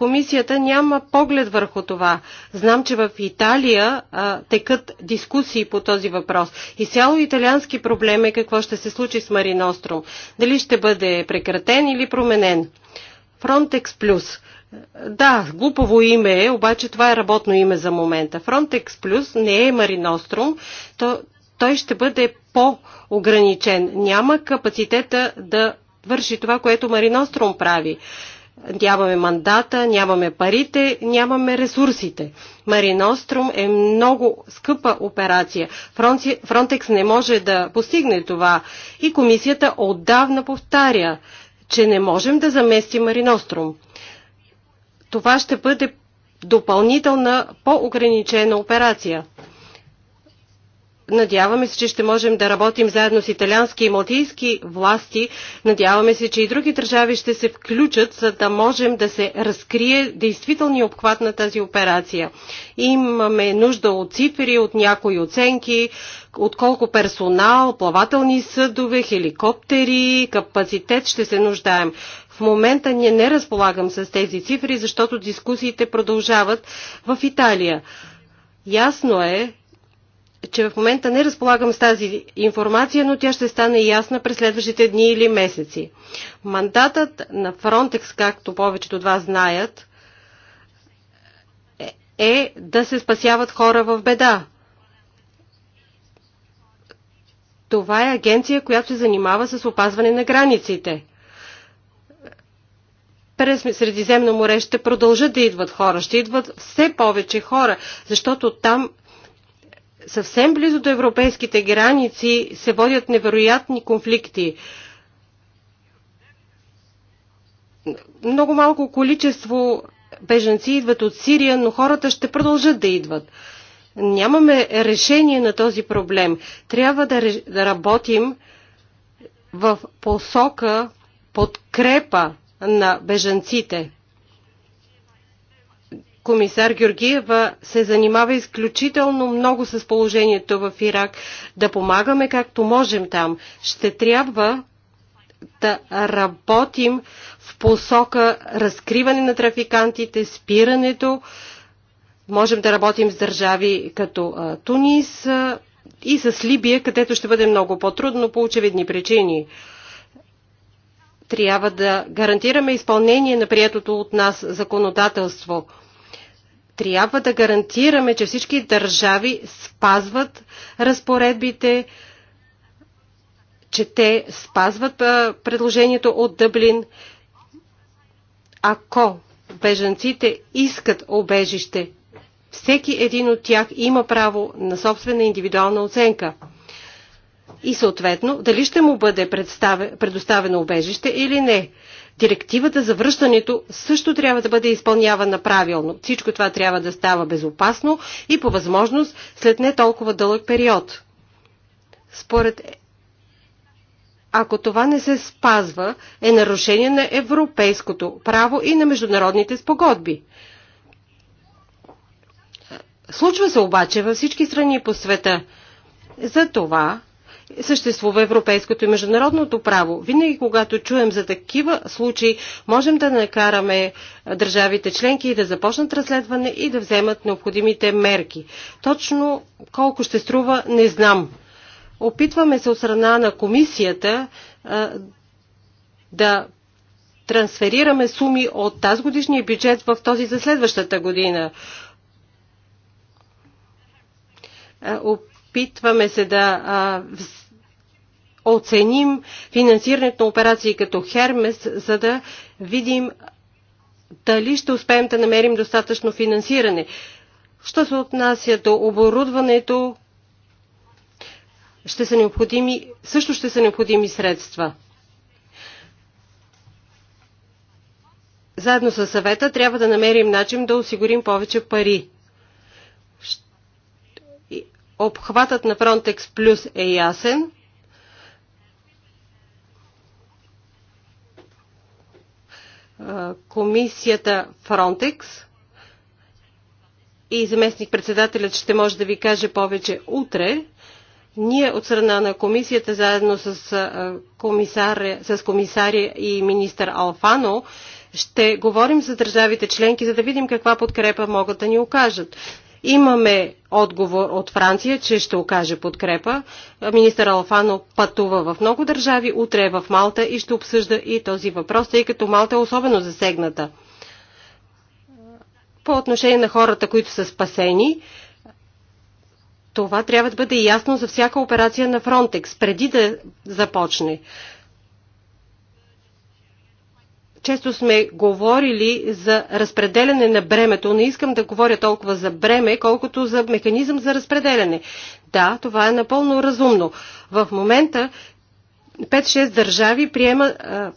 комисията няма поглед върху това. Знам, че в Италия а, текат дискусии по този въпрос. И цяло италиански проблем е какво ще се случи с Мариностром. Дали ще бъде прекратен или променен. Frontex Plus. Да, глупово име е, обаче това е работно име за момента. Frontex Plus не е Мариностром. То, той ще бъде по-ограничен. Няма капацитета да върши това, което Мариностром прави нямаме мандата, нямаме парите, нямаме ресурсите. Мариностром е много скъпа операция. Фронтекс не може да постигне това и комисията отдавна повтаря, че не можем да заместим Мариностром. Това ще бъде допълнителна по-ограничена операция. Надяваме се, че ще можем да работим заедно с италиански и малтийски власти. Надяваме се, че и други държави ще се включат, за да можем да се разкрие действителния обхват на тази операция. Имаме нужда от цифри, от някои оценки, от колко персонал, плавателни съдове, хеликоптери, капацитет ще се нуждаем. В момента ние не разполагам с тези цифри, защото дискусиите продължават в Италия. Ясно е, че в момента не разполагам с тази информация, но тя ще стане ясна през следващите дни или месеци. Мандатът на Фронтекс, както повечето от вас знаят, е, е да се спасяват хора в беда. Това е агенция, която се занимава с опазване на границите. През Средиземно море ще продължат да идват хора, ще идват все повече хора, защото там съвсем близо до европейските граници се водят невероятни конфликти. Много малко количество беженци идват от Сирия, но хората ще продължат да идват. Нямаме решение на този проблем. Трябва да, реш... да работим в посока подкрепа на беженците комисар Георгиева се занимава изключително много с положението в Ирак. Да помагаме както можем там. Ще трябва да работим в посока разкриване на трафикантите, спирането. Можем да работим с държави като Тунис и с Либия, където ще бъде много по-трудно по очевидни причини трябва да гарантираме изпълнение на приятото от нас законодателство трябва да гарантираме, че всички държави спазват разпоредбите, че те спазват предложението от Дъблин. Ако бежанците искат обежище, всеки един от тях има право на собствена индивидуална оценка. И съответно, дали ще му бъде предоставено обежище или не директивата за връщането също трябва да бъде изпълнявана правилно. Всичко това трябва да става безопасно и по възможност след не толкова дълъг период. Според е, ако това не се спазва, е нарушение на европейското право и на международните спогодби. Случва се обаче във всички страни по света. За това съществува европейското и международното право. Винаги, когато чуем за такива случаи, можем да накараме държавите членки да започнат разследване и да вземат необходимите мерки. Точно колко ще струва, не знам. Опитваме се от страна на комисията да трансферираме суми от тази годишния бюджет в този за следващата година. Опитваме се да оценим финансирането на операции като Хермес, за да видим дали ще успеем да намерим достатъчно финансиране. Що се отнася до оборудването, ще са необходими, също ще са необходими средства. Заедно с съвета трябва да намерим начин да осигурим повече пари. Обхватът на Frontex Plus е ясен – комисията Фронтекс и заместник председателят ще може да ви каже повече утре. Ние от страна на комисията, заедно с, комисар, с комисаря и министър Алфано, ще говорим с държавите членки, за да видим каква подкрепа могат да ни окажат. Имаме отговор от Франция, че ще окаже подкрепа. Министър Алфано пътува в много държави, утре е в Малта и ще обсъжда и този въпрос, тъй като Малта е особено засегната. По отношение на хората, които са спасени, това трябва да бъде ясно за всяка операция на Фронтекс, преди да започне често сме говорили за разпределяне на бремето. Не искам да говоря толкова за бреме, колкото за механизъм за разпределяне. Да, това е напълно разумно. В момента 5-6 държави приемат, а,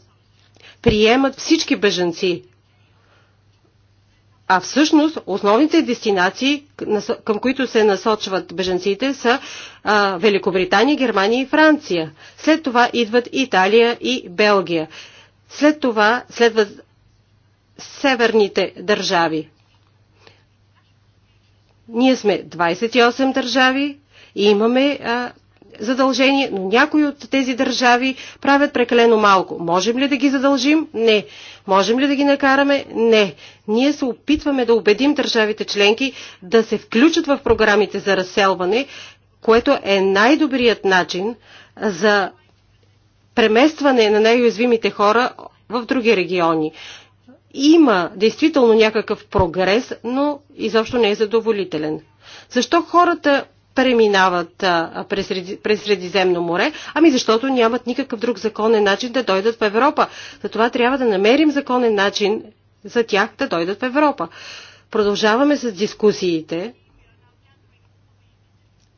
приемат всички бежанци. А всъщност основните дестинации, към които се насочват беженците, са а, Великобритания, Германия и Франция. След това идват Италия и Белгия. След това следват северните държави. Ние сме 28 държави и имаме а, задължение, но някои от тези държави правят прекалено малко. Можем ли да ги задължим? Не. Можем ли да ги накараме? Не. Ние се опитваме да убедим държавите членки да се включат в програмите за разселване, което е най-добрият начин за преместване на най-уязвимите хора в други региони. Има действително някакъв прогрес, но изобщо не е задоволителен. Защо хората преминават а, през, през Средиземно море? Ами защото нямат никакъв друг законен начин да дойдат в Европа. Затова трябва да намерим законен начин за тях да дойдат в Европа. Продължаваме с дискусиите.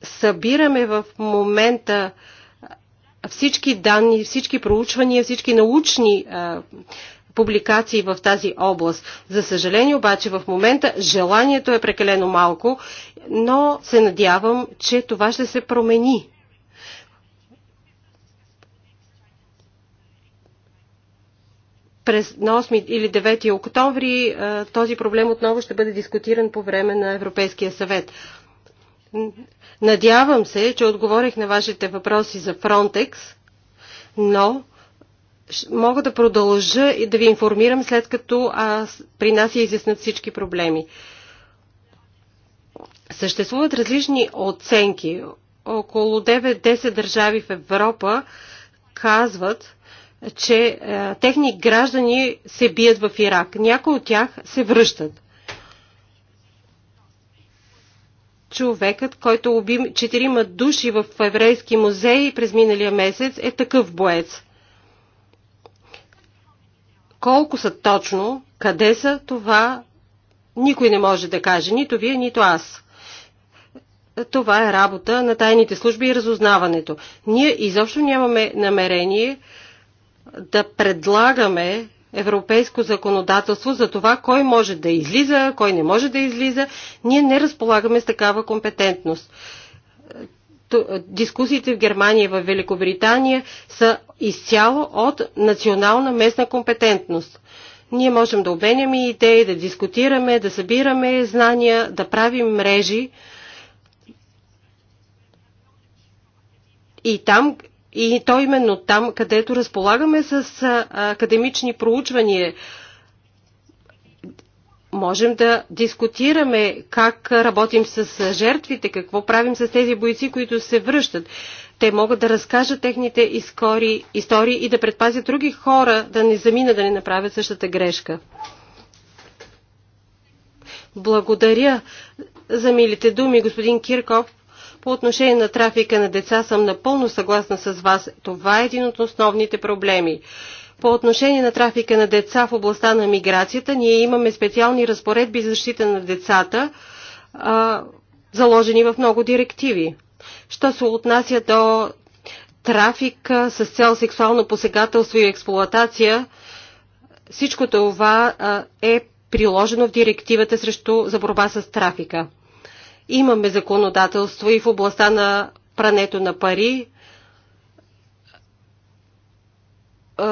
Събираме в момента всички данни, всички проучвания, всички научни а, публикации в тази област. За съжаление обаче в момента желанието е прекалено малко, но се надявам, че това ще се промени. През на 8 или 9 октомври този проблем отново ще бъде дискутиран по време на Европейския съвет. Надявам се, че отговорих на вашите въпроси за Фронтекс, но мога да продължа и да ви информирам след като а, при нас я изяснат всички проблеми. Съществуват различни оценки. Около 9-10 държави в Европа казват, че а, е, техни граждани се бият в Ирак. Някои от тях се връщат. човекът, който уби четирима души в еврейски музей през миналия месец, е такъв боец. Колко са точно, къде са, това никой не може да каже, нито вие, нито аз. Това е работа на тайните служби и разузнаването. Ние изобщо нямаме намерение да предлагаме европейско законодателство за това кой може да излиза, кой не може да излиза. Ние не разполагаме с такава компетентност. Дискусиите в Германия и в Великобритания са изцяло от национална местна компетентност. Ние можем да обменяме идеи, да дискутираме, да събираме знания, да правим мрежи. И там и то именно там, където разполагаме с академични проучвания, можем да дискутираме как работим с жертвите, какво правим с тези бойци, които се връщат. Те могат да разкажат техните искори, истории и да предпазят други хора да не заминат, да не направят същата грешка. Благодаря за милите думи, господин Кирков. По отношение на трафика на деца съм напълно съгласна с вас. Това е един от основните проблеми. По отношение на трафика на деца в областта на миграцията, ние имаме специални разпоредби за защита на децата, а, заложени в много директиви. Що се отнася до трафика с цел сексуално посегателство и експлоатация, всичко това а, е приложено в директивата срещу за борба с трафика. Имаме законодателство и в областта на прането на пари.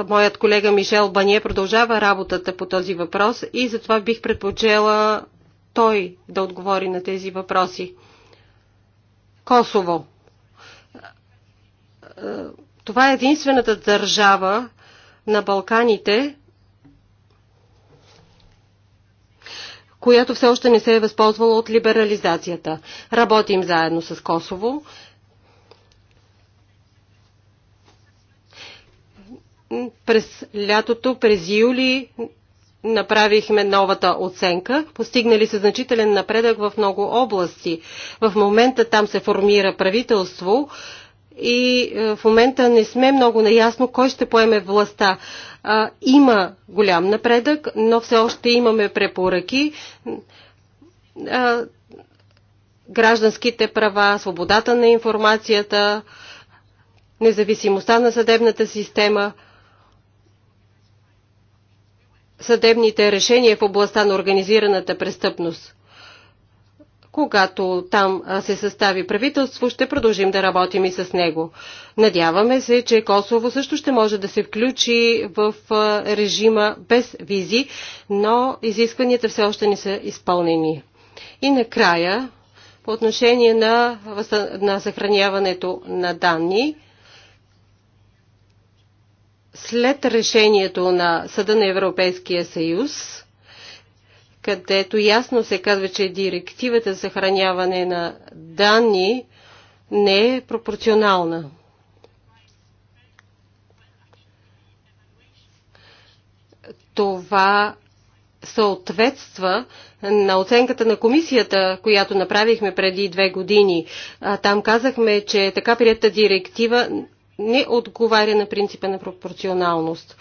Моят колега Мишел Бание продължава работата по този въпрос и затова бих предпочела той да отговори на тези въпроси. Косово. Това е единствената държава на Балканите, която все още не се е възползвала от либерализацията. Работим заедно с Косово. През лятото, през юли направихме новата оценка. Постигнали се значителен напредък в много области. В момента там се формира правителство и е, в момента не сме много наясно кой ще поеме властта има голям напредък, но все още имаме препоръки. гражданските права, свободата на информацията, независимостта на съдебната система, съдебните решения в областта на организираната престъпност когато там се състави правителство, ще продължим да работим и с него. Надяваме се, че Косово също ще може да се включи в режима без визи, но изискванията все още не са изпълнени. И накрая, по отношение на, на съхраняването на данни, след решението на Съда на Европейския съюз, където ясно се казва, че директивата за съхраняване на данни не е пропорционална. Това съответства на оценката на комисията, която направихме преди две години. Там казахме, че така прията директива не отговаря на принципа на пропорционалност.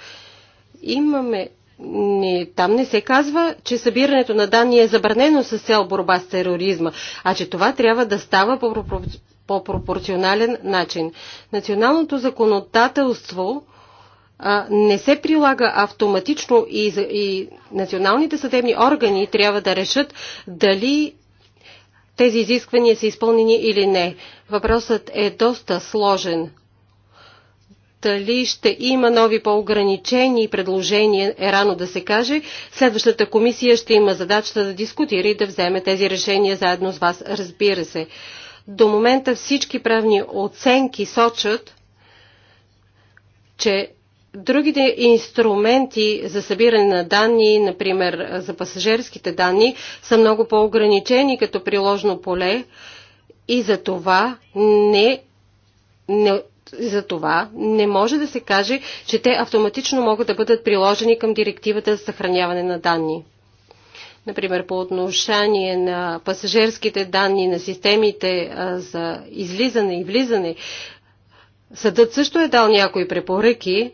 Имаме не, там не се казва, че събирането на данни е забранено с цел борба с тероризма, а че това трябва да става по, по пропорционален начин. Националното законодателство а, не се прилага автоматично и, и националните съдебни органи трябва да решат дали тези изисквания са изпълнени или не. Въпросът е доста сложен дали ще има нови по-ограничени предложения е рано да се каже. Следващата комисия ще има задачата да дискутира и да вземе тези решения заедно с вас, разбира се. До момента всички правни оценки сочат, че другите инструменти за събиране на данни, например за пасажирските данни, са много по-ограничени като приложно поле и за това не, не за това не може да се каже, че те автоматично могат да бъдат приложени към директивата за съхраняване на данни. Например, по отношение на пасажирските данни на системите за излизане и влизане, съдът също е дал някои препоръки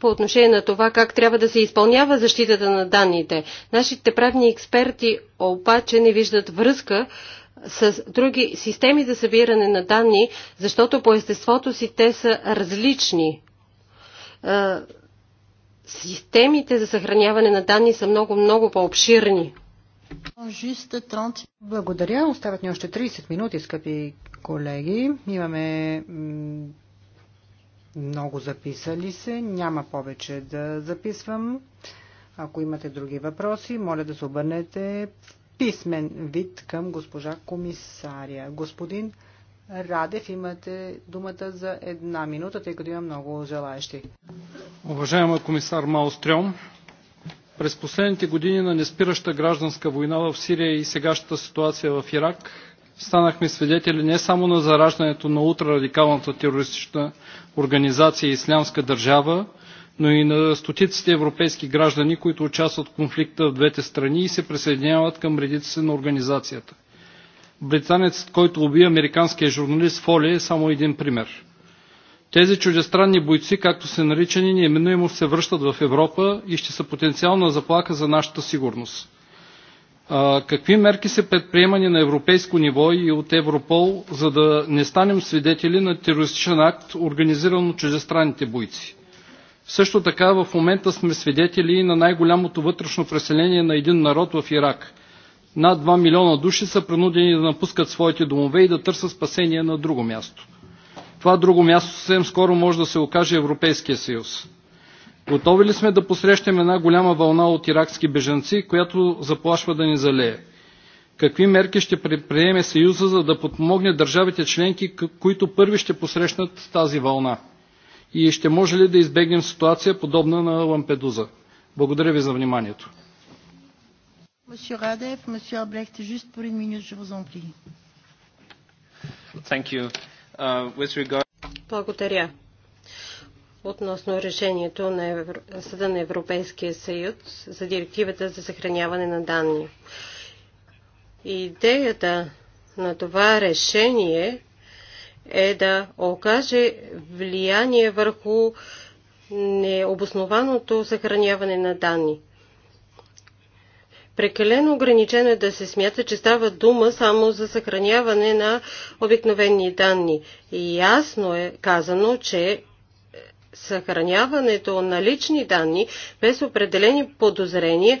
по отношение на това как трябва да се изпълнява защитата на данните. Нашите правни експерти обаче не виждат връзка с други системи за събиране на данни, защото по естеството си те са различни. Системите за съхраняване на данни са много-много по-обширни. Благодаря. Остават ни още 30 минути, скъпи колеги. Имаме много записали се. Няма повече да записвам. Ако имате други въпроси, моля да се обърнете писмен вид към госпожа комисария. Господин Радев, имате думата за една минута, тъй като има много желаящи. Уважаема комисар Маустрем, през последните години на неспираща гражданска война в Сирия и сегашната ситуация в Ирак станахме свидетели не само на зараждането на ултрарадикалната терористична организация Ислямска държава, но и на стотиците европейски граждани, които участват в конфликта в двете страни и се присъединяват към редиците на организацията. Британецът, който уби американския журналист Фоли, е само един пример. Тези чуждестранни бойци, както са наричани, неминуемо се връщат в Европа и ще са потенциална заплаха за нашата сигурност. А, какви мерки са предприемани на европейско ниво и от Европол, за да не станем свидетели на терористичен акт, организиран от чуждестранните бойци? Също така в момента сме свидетели на най-голямото вътрешно преселение на един народ в Ирак. Над 2 милиона души са принудени да напускат своите домове и да търсят спасение на друго място. Това друго място съвсем скоро може да се окаже Европейския съюз. Готови ли сме да посрещнем една голяма вълна от иракски бежанци, която заплашва да ни залее? Какви мерки ще предприеме Съюза, за да подпомогне държавите членки, които първи ще посрещнат тази вълна? и ще може ли да избегнем ситуация подобна на Лампедуза? Благодаря ви за вниманието. Uh, Благодаря. Относно решението на Съда на Европейския съюз за директивата за съхраняване на данни. Идеята на това решение е да окаже влияние върху необоснованото съхраняване на данни. Прекалено ограничено е да се смята, че става дума само за съхраняване на обикновени данни. И ясно е казано, че съхраняването на лични данни без определени подозрения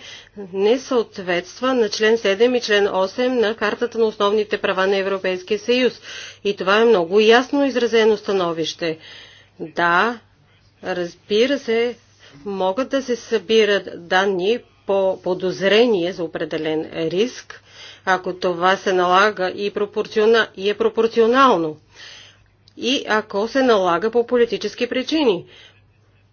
не съответства на член 7 и член 8 на Картата на основните права на Европейския съюз. И това е много ясно изразено становище. Да, разбира се, могат да се събират данни по подозрение за определен риск, ако това се налага и, пропорциона... и е пропорционално и ако се налага по политически причини.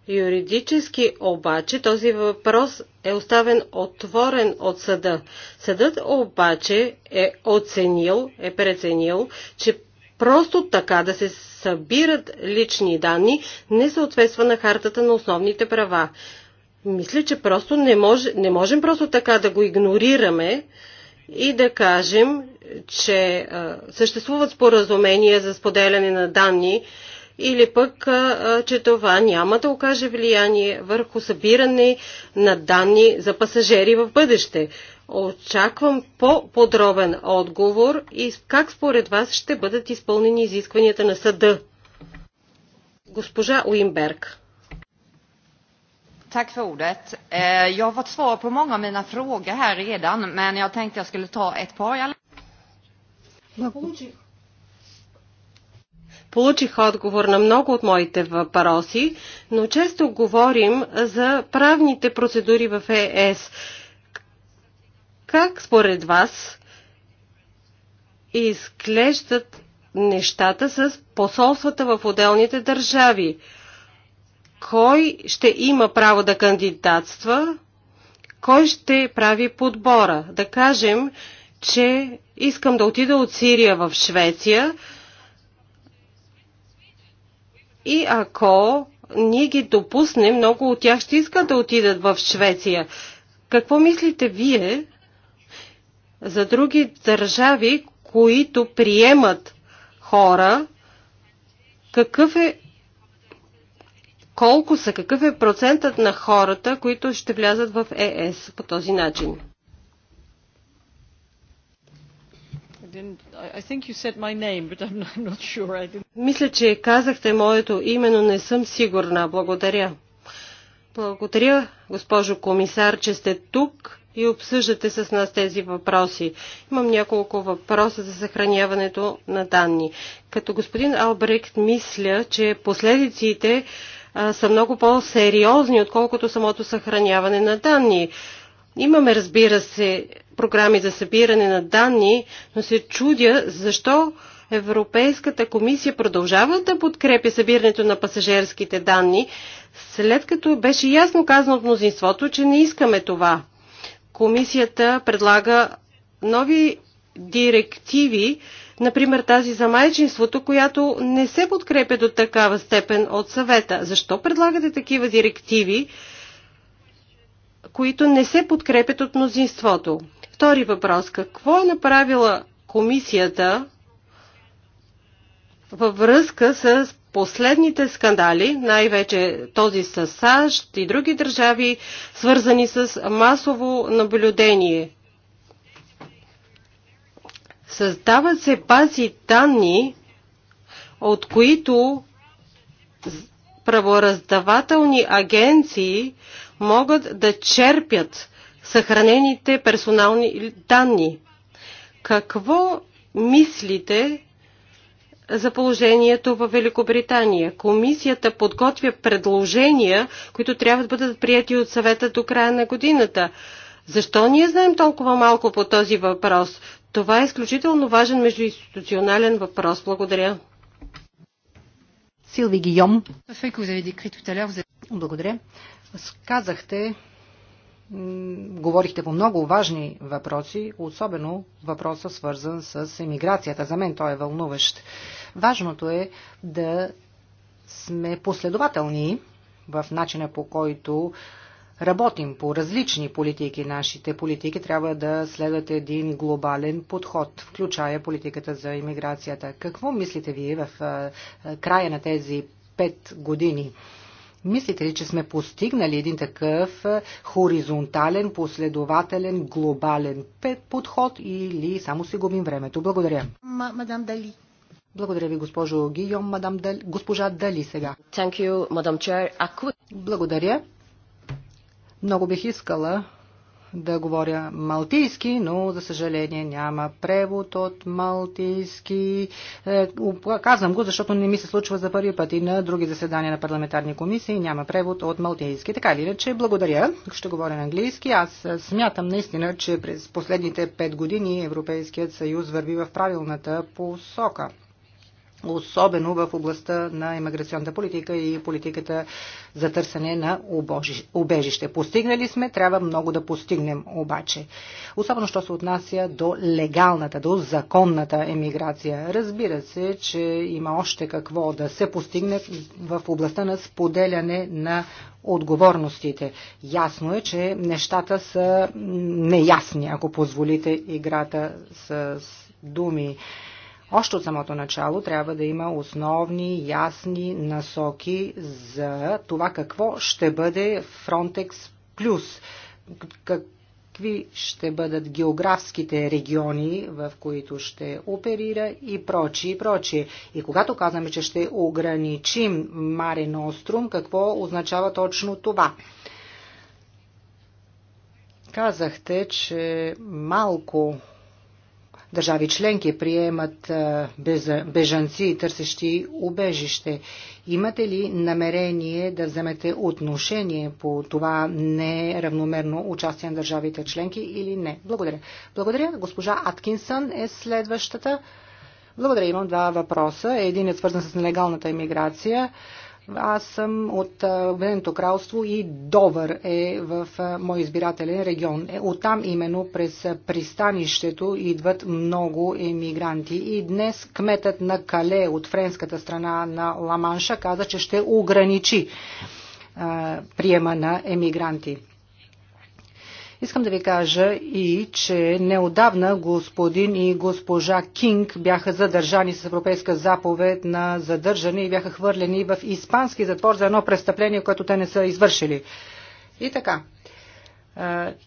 Юридически обаче този въпрос е оставен отворен от съда. Съдът обаче е оценил, е преценил, че просто така да се събират лични данни не съответства на хартата на основните права. Мисля, че просто не, може, не можем просто така да го игнорираме и да кажем, че съществуват споразумения за споделяне на данни или пък, че това няма да окаже влияние върху събиране на данни за пасажери в бъдеще. Очаквам по-подробен отговор и как според вас ще бъдат изпълнени изискванията на съда. Госпожа Уимберг. Tack för ordet. Eh, jag har fått svar på många av mina frågor här redan, men jag tänkte jag skulle ta ett par. Получих. Получих отговор на много от моите въпроси, но често говорим за правните процедури в ЕС. Как според вас изглеждат нещата с посолствата в отделните държави? Кой ще има право да кандидатства? Кой ще прави подбора? Да кажем, че искам да отида от Сирия в Швеция и ако ние ги допуснем, много от тях ще искат да отидат в Швеция. Какво мислите вие за други държави, които приемат хора? Какъв е колко са, какъв е процентът на хората, които ще влязат в ЕС по този начин? Мисля, че казахте моето име, но не съм сигурна. Благодаря. Благодаря, госпожо комисар, че сте тук и обсъждате с нас тези въпроси. Имам няколко въпроса за съхраняването на данни. Като господин Албрект мисля, че последиците а, са много по-сериозни, отколкото самото съхраняване на данни. Имаме, разбира се, програми за събиране на данни, но се чудя защо Европейската комисия продължава да подкрепя събирането на пасажирските данни, след като беше ясно казано от мнозинството, че не искаме това. Комисията предлага нови директиви, например тази за майчинството, която не се подкрепя до такава степен от съвета. Защо предлагате такива директиви, които не се подкрепят от мнозинството? Втори въпрос. Какво е направила комисията във връзка с последните скандали, най-вече този с САЩ и други държави, свързани с масово наблюдение? Създават се бази данни, от които правораздавателни агенции могат да черпят съхранените персонални данни. Какво мислите за положението в Великобритания? Комисията подготвя предложения, които трябва да бъдат прияти от съвета до края на годината. Защо ние знаем толкова малко по този въпрос? Това е изключително важен междуинституционален въпрос. Благодаря. Силви Гийом. Благодаря. Казахте, говорихте по много важни въпроси, особено въпроса свързан с емиграцията. За мен той е вълнуващ. Важното е да сме последователни в начина по който работим по различни политики. Нашите политики трябва да следват един глобален подход, включая политиката за иммиграцията. Какво мислите вие в края на тези пет години? Мислите ли, че сме постигнали един такъв е, хоризонтален, последователен, глобален подход или само си губим времето? Благодаря. мадам Дали. Благодаря ви, госпожо Гийом, мадам Дали, госпожа Дали сега. Thank you, Ако... Благодаря. Много бих искала да говоря малтийски, но за съжаление няма превод от малтийски. Е, казвам го, защото не ми се случва за първи път и на други заседания на парламентарни комисии няма превод от малтийски. Така или иначе, благодаря. Ще говоря на английски. Аз смятам наистина, че през последните пет години Европейският съюз върви в правилната посока особено в областта на иммиграционната политика и политиката за търсене на убежище. Постигнали сме, трябва много да постигнем обаче. Особено, що се отнася до легалната, до законната емиграция. Разбира се, че има още какво да се постигне в областта на споделяне на отговорностите. Ясно е, че нещата са неясни, ако позволите играта с думи. Още от самото начало трябва да има основни, ясни насоки за това какво ще бъде Frontex Plus, какви ще бъдат географските региони, в които ще оперира и прочие, и прочие. И когато казваме, че ще ограничим Маре Нострум, какво означава точно това? Казахте, че малко държави членки приемат бежанци търсещи убежище. Имате ли намерение да вземете отношение по това неравномерно участие на държавите членки или не? Благодаря. Благодаря. Госпожа Аткинсън е следващата. Благодаря. Имам два въпроса. Един е свързан с нелегалната иммиграция. Аз съм от Обединеното кралство и Довър е в мой избирателен регион. Е, оттам именно през пристанището идват много емигранти. И днес кметът на Кале от френската страна на Ламанша каза, че ще ограничи приема на емигранти. Искам да ви кажа и, че неодавна господин и госпожа Кинг бяха задържани с европейска заповед на задържане и бяха хвърлени в испански затвор за едно престъпление, което те не са извършили. И така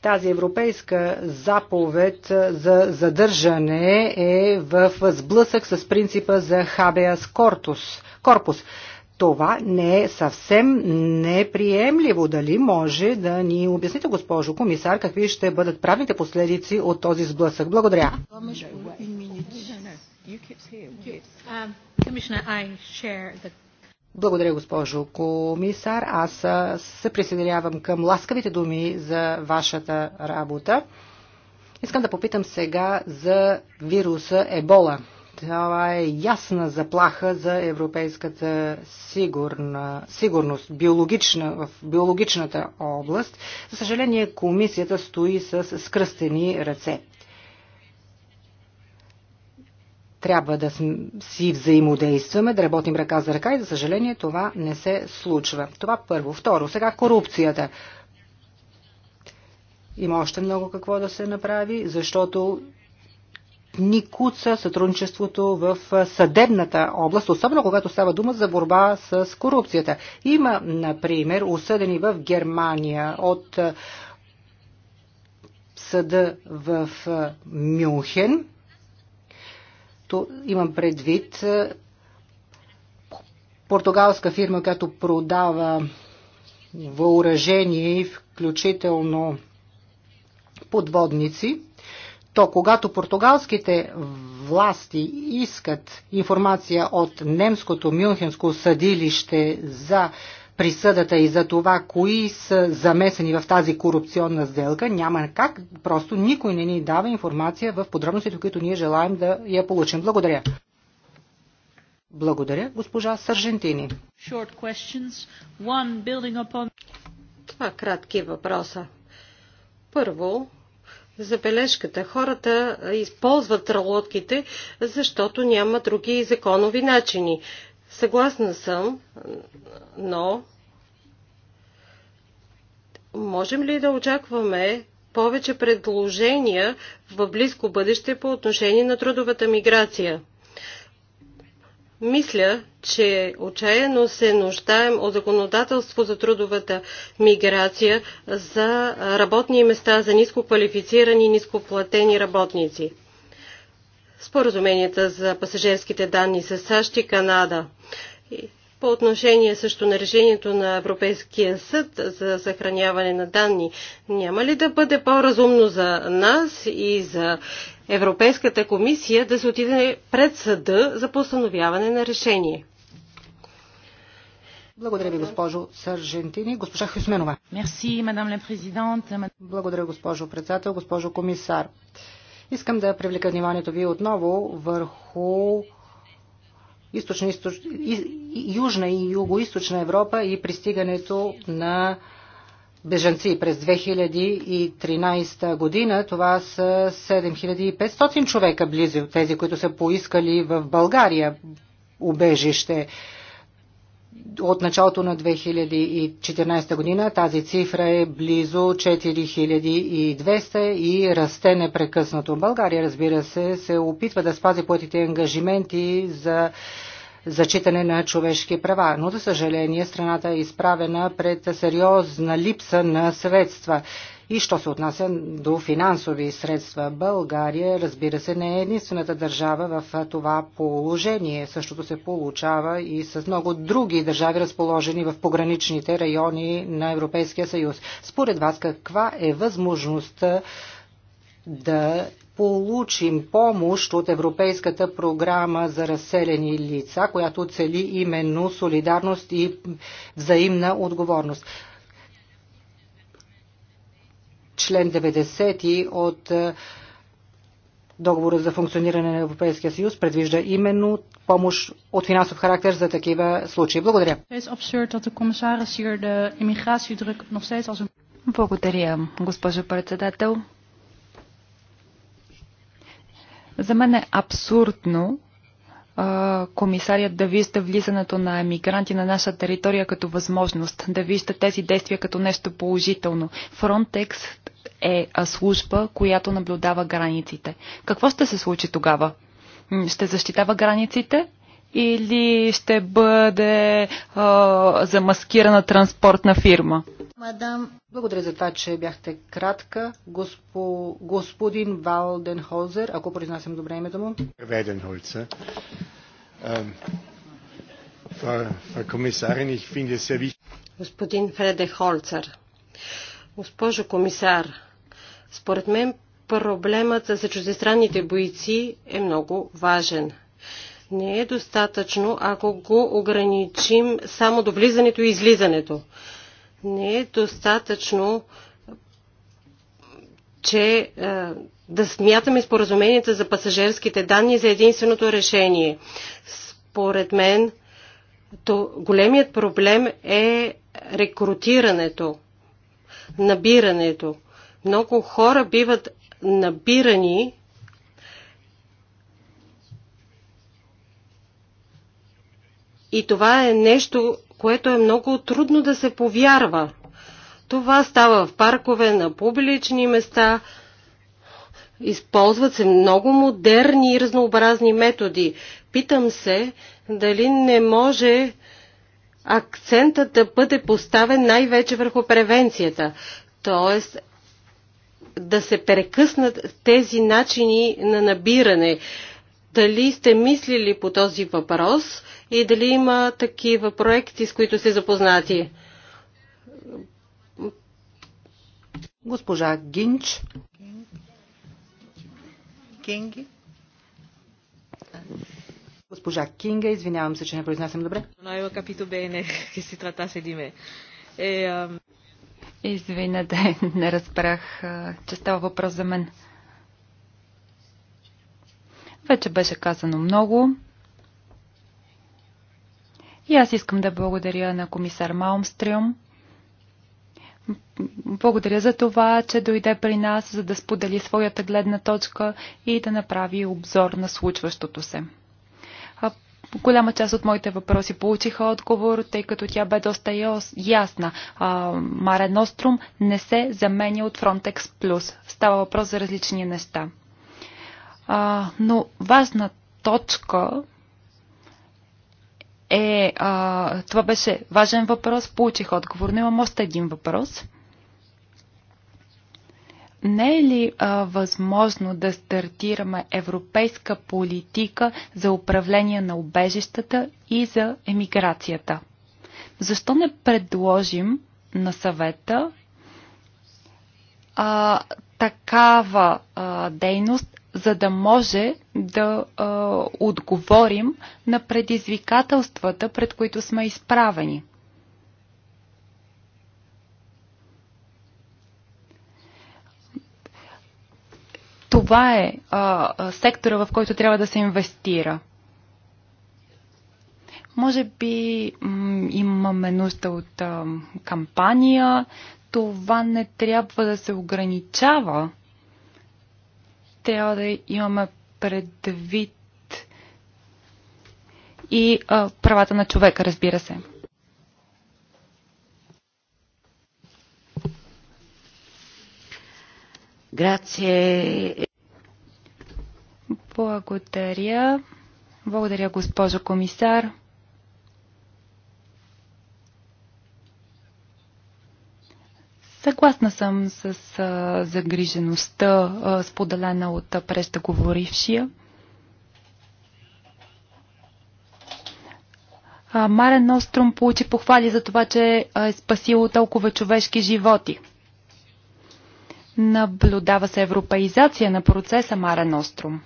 тази европейска заповед за задържане е в сблъсък с принципа за хабеас корпус това не е съвсем неприемливо. Дали може да ни обясните, госпожо комисар, какви ще бъдат правните последици от този сблъсък? Благодаря. Благодаря, госпожо комисар. Аз се присъединявам към ласкавите думи за вашата работа. Искам да попитам сега за вируса Ебола. Това е ясна заплаха за европейската сигурна, сигурност биологична, в биологичната област. За съжаление, комисията стои с скръстени ръце. Трябва да си взаимодействаме, да работим ръка за ръка и, за съжаление, това не се случва. Това първо. Второ, сега корупцията. Има още много какво да се направи, защото куца сътрудничеството в съдебната област, особено когато става дума за борба с корупцията. Има, например, осъдени в Германия от съда в Мюнхен. То имам предвид португалска фирма, която продава въоръжение, включително подводници то когато португалските власти искат информация от немското Мюнхенско съдилище за присъдата и за това, кои са замесени в тази корупционна сделка, няма как. Просто никой не ни дава информация в подробностите, които ние желаем да я получим. Благодаря. Благодаря, госпожа Сържентини. Upon... Това кратки въпроса. Първо, забележката. Хората използват лодките, защото няма други законови начини. Съгласна съм, но можем ли да очакваме повече предложения в близко бъдеще по отношение на трудовата миграция? Мисля, че отчаяно се нуждаем от законодателство за трудовата миграция за работни места за ниско квалифицирани и нископлатени работници. Споразуменията за пасажирските данни с САЩ и Канада. По отношение също на решението на Европейския съд за съхраняване на данни, няма ли да бъде по-разумно за нас и за Европейската комисия да се отиде пред съда за постановяване на решение. Благодаря ви, госпожо Сържентини. Госпожа Хюсменова. Мерси, мадам ле президент. Благодаря, госпожо председател, госпожо комисар. Искам да привлека вниманието ви отново върху източна, източ... Южна и Юго-Источна Европа и пристигането на бежанци през 2013 година. Това са 7500 човека близо, тези, които са поискали в България убежище. От началото на 2014 година тази цифра е близо 4200 и расте непрекъснато. България, разбира се, се опитва да спази поетите ангажименти за зачитане на човешки права. Но, за съжаление, страната е изправена пред сериозна липса на средства. И що се отнася до финансови средства, България, разбира се, не е единствената държава в това положение. Същото се получава и с много други държави, разположени в пограничните райони на Европейския съюз. Според вас, каква е възможността да получим помощ от Европейската програма за разселени лица, която цели именно солидарност и взаимна отговорност. Член 90 от е, Договора за функциониране на Европейския съюз предвижда именно помощ от финансов характер за такива случаи. Благодаря. Благодаря, госпожо председател. За мен е абсурдно комисарият да вижда влизането на емигранти на наша територия като възможност, да вижда тези действия като нещо положително. Frontex е служба, която наблюдава границите. Какво ще се случи тогава? Ще защитава границите или ще бъде а, замаскирана транспортна фирма? Мадам. Благодаря за това, че бяхте кратка. Госпо... Господин Валденхолзер, ако произнасям добре името му. Валденхолзер. Господин Холцер, госпожо комисар, според мен проблемът за чуждестранните бойци е много важен. Не е достатъчно, ако го ограничим само до влизането и излизането. Не е достатъчно, че е, да смятаме споразуменията за пасажирските данни за единственото решение. Според мен, то големият проблем е рекрутирането, набирането. Много хора биват набирани и това е нещо, което е много трудно да се повярва. Това става в паркове, на публични места. Използват се много модерни и разнообразни методи. Питам се дали не може акцентът да бъде поставен най-вече върху превенцията. Тоест да се прекъснат тези начини на набиране. Дали сте мислили по този въпрос и дали има такива проекти, с които сте запознати. Госпожа Гинч. Кинги. Госпожа Кинга, извинявам се, че не произнасям добре. Eh, um, Извинете, не разбрах, че става въпрос за мен. Вече беше казано много. И аз искам да благодаря на комисар Малмстрюм. Благодаря за това, че дойде при нас, за да сподели своята гледна точка и да направи обзор на случващото се. А голяма част от моите въпроси получиха отговор, тъй като тя бе доста ясна. А, Маре Нострум не се заменя от Frontex Plus. Става въпрос за различни неща. А, но важна точка е, а, това беше важен въпрос, получих отговор, но имам още един въпрос. Не е ли а, възможно да стартираме европейска политика за управление на убежищата и за емиграцията? Защо не предложим на съвета а, такава а, дейност за да може да а, отговорим на предизвикателствата, пред които сме изправени. Това е а, сектора, в който трябва да се инвестира. Може би имаме нужда от а, кампания. Това не трябва да се ограничава трябва да имаме предвид и а, правата на човека, разбира се. Грация. Благодаря. Благодаря, госпожо комисар. Съгласна съм с а, загрижеността, а, споделена от преждеговорившия. А, Марен Острум получи похвали за това, че е спасило толкова човешки животи. Наблюдава се европеизация на процеса Марен Острум.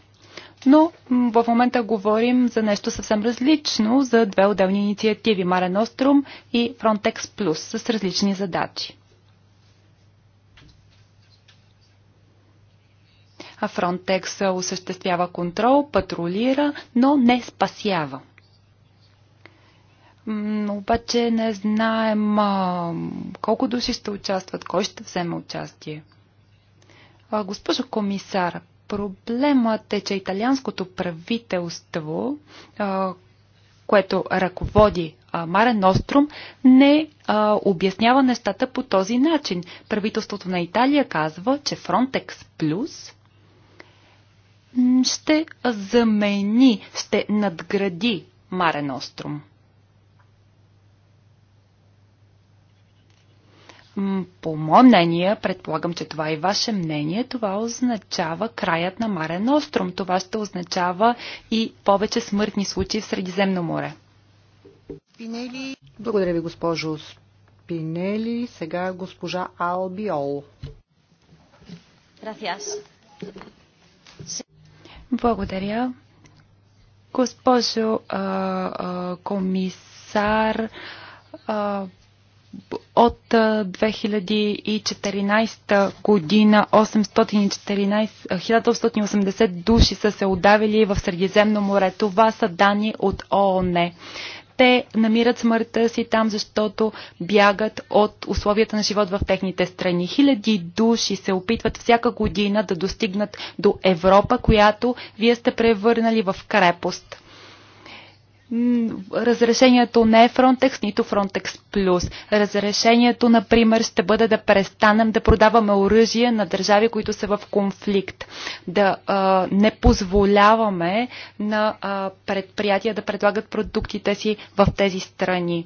Но в момента говорим за нещо съвсем различно, за две отделни инициативи Марен Острум и Frontex Plus с различни задачи. Фронтекс осъществява контрол, патрулира, но не спасява. Обаче не знаем а, колко души ще участват, кой ще вземе участие. А, госпожо комисар, проблемът е, че италианското правителство, а, което ръководи а, Острум, не а, обяснява нещата по този начин. Правителството на Италия казва, че Frontex Plus ще замени, ще надгради Марен Острум. По мое мнение, предполагам, че това е и ваше мнение, това означава краят на Марен Остром. Това ще означава и повече смъртни случаи в Средиземно море. Спинели. Благодаря ви, госпожо Спинели. Сега госпожа Албиол. Gracias. Благодаря. Госпожо а, а, комисар, а, от 2014 година 814, 1880 души са се удавили в Средиземно море. Това са данни от ООН те намират смъртта си там, защото бягат от условията на живот в техните страни. Хиляди души се опитват всяка година да достигнат до Европа, която вие сте превърнали в крепост разрешението не е Frontex, нито Frontex Plus. Разрешението, например, ще бъде да престанем да продаваме оръжие на държави, които са в конфликт. Да а, не позволяваме на а, предприятия да предлагат продуктите си в тези страни.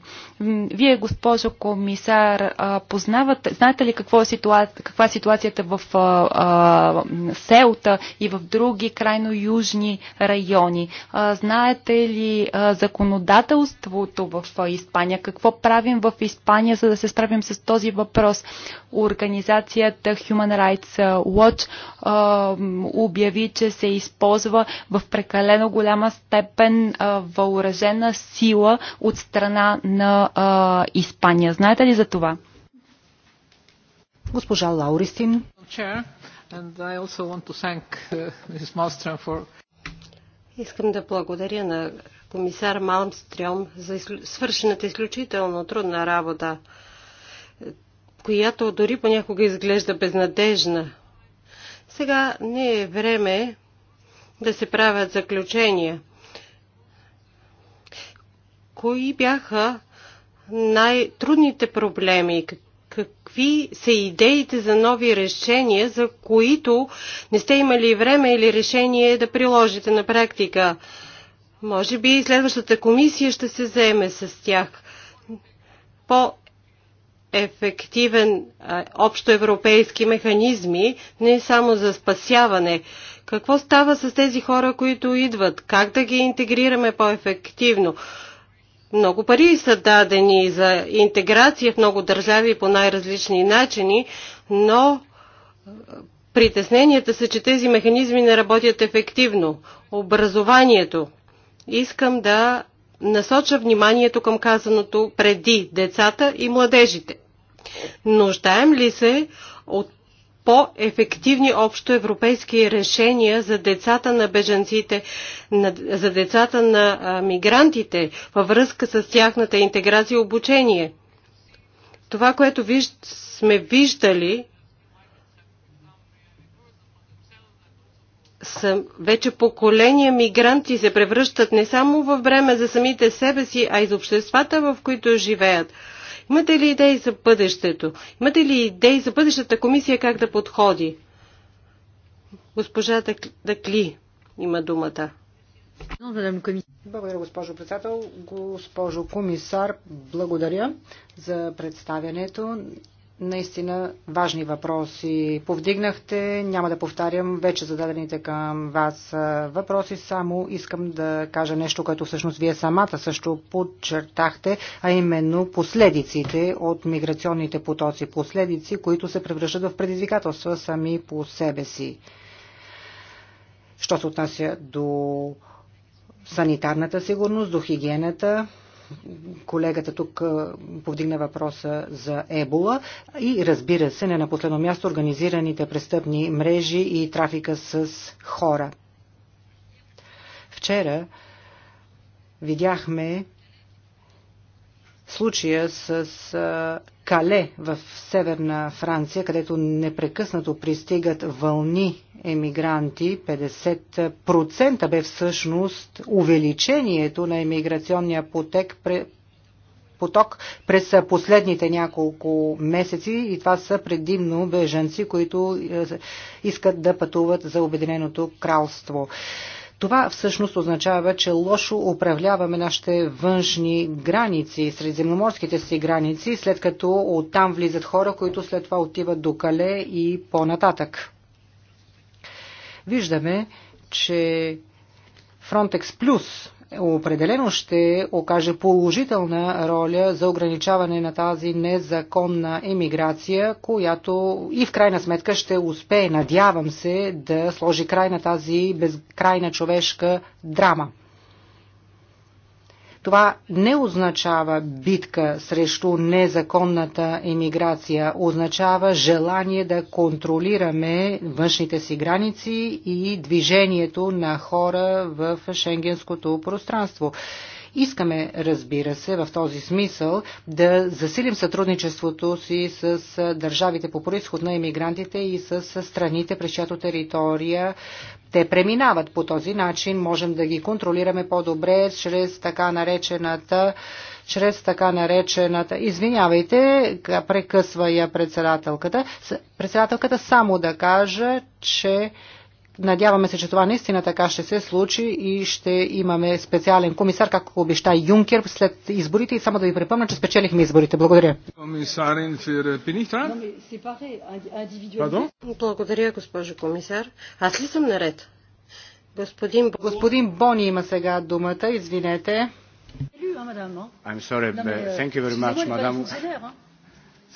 Вие, госпожо комисар, а, познавате, знаете ли какво е ситуация, каква е ситуацията в а, а, Селта и в други крайно южни райони? А, знаете ли а, законодателството в Испания? Какво правим в Испания, за да се справим с този въпрос? Организацията Human Rights Watch обяви, че се използва в прекалено голяма степен въоръжена сила от страна на Испания. Знаете ли за това? Госпожа Лауристин. Uh, Искам да благодаря на комисар Малмстрём за свършената изключително трудна работа, която дори понякога изглежда безнадежна. Сега не е време да се правят заключения. Кои бяха най-трудните проблеми? Какви са идеите за нови решения, за които не сте имали време или решение да приложите на практика? Може би следващата комисия ще се заеме с тях. По ефективен общоевропейски механизми, не само за спасяване. Какво става с тези хора, които идват? Как да ги интегрираме по-ефективно? Много пари са дадени за интеграция в много държави по най-различни начини, но притесненията са, че тези механизми не работят ефективно. Образованието. Искам да насоча вниманието към казаното преди децата и младежите. Нуждаем ли се от по-ефективни общоевропейски решения за децата на беженците, за децата на мигрантите във връзка с тяхната интеграция и обучение? Това, което виж... сме виждали са вече поколения мигранти се превръщат не само в време за самите себе си, а и за обществата, в които живеят. Имате ли идеи за бъдещето? Имате ли идеи за бъдещата комисия как да подходи? Госпожа Дакли има думата. Благодаря, госпожо председател. Госпожо комисар, благодаря за представянето Наистина важни въпроси повдигнахте. Няма да повтарям вече зададените към вас въпроси, само искам да кажа нещо, което всъщност вие самата също подчертахте, а именно последиците от миграционните потоци. Последици, които се превръщат в предизвикателства сами по себе си. Що се отнася до санитарната сигурност, до хигиената, колегата тук повдигна въпроса за ебола и разбира се, не на последно място, организираните престъпни мрежи и трафика с хора. Вчера видяхме случая с Кале в северна Франция, където непрекъснато пристигат вълни емигранти, 50% бе всъщност увеличението на емиграционния потек поток през последните няколко месеци и това са предимно беженци, които е, искат да пътуват за Обединеното кралство. Това всъщност означава, че лошо управляваме нашите външни граници, средиземноморските си граници, след като оттам влизат хора, които след това отиват до Кале и по-нататък. Виждаме, че Frontex Plus определено ще окаже положителна роля за ограничаване на тази незаконна емиграция, която и в крайна сметка ще успее, надявам се, да сложи край на тази безкрайна човешка драма. Това не означава битка срещу незаконната емиграция, означава желание да контролираме външните си граници и движението на хора в шенгенското пространство. Искаме, разбира се, в този смисъл да засилим сътрудничеството си с държавите по происход на иммигрантите и с страните, през чиято територия те преминават. По този начин можем да ги контролираме по-добре чрез така наречената чрез така наречената, извинявайте, прекъсва я председателката, председателката само да кажа, че Надяваме се, че това наистина така ще се случи и ще имаме специален комисар, както обеща Юнкер след изборите. И само да ви припомня, че спечелихме изборите. Благодаря. Благодаря, госпожо комисар. Аз ли съм наред? Господин, Господин Бони има сега думата. Извинете. I'm sorry, euh, thank you very much, madam.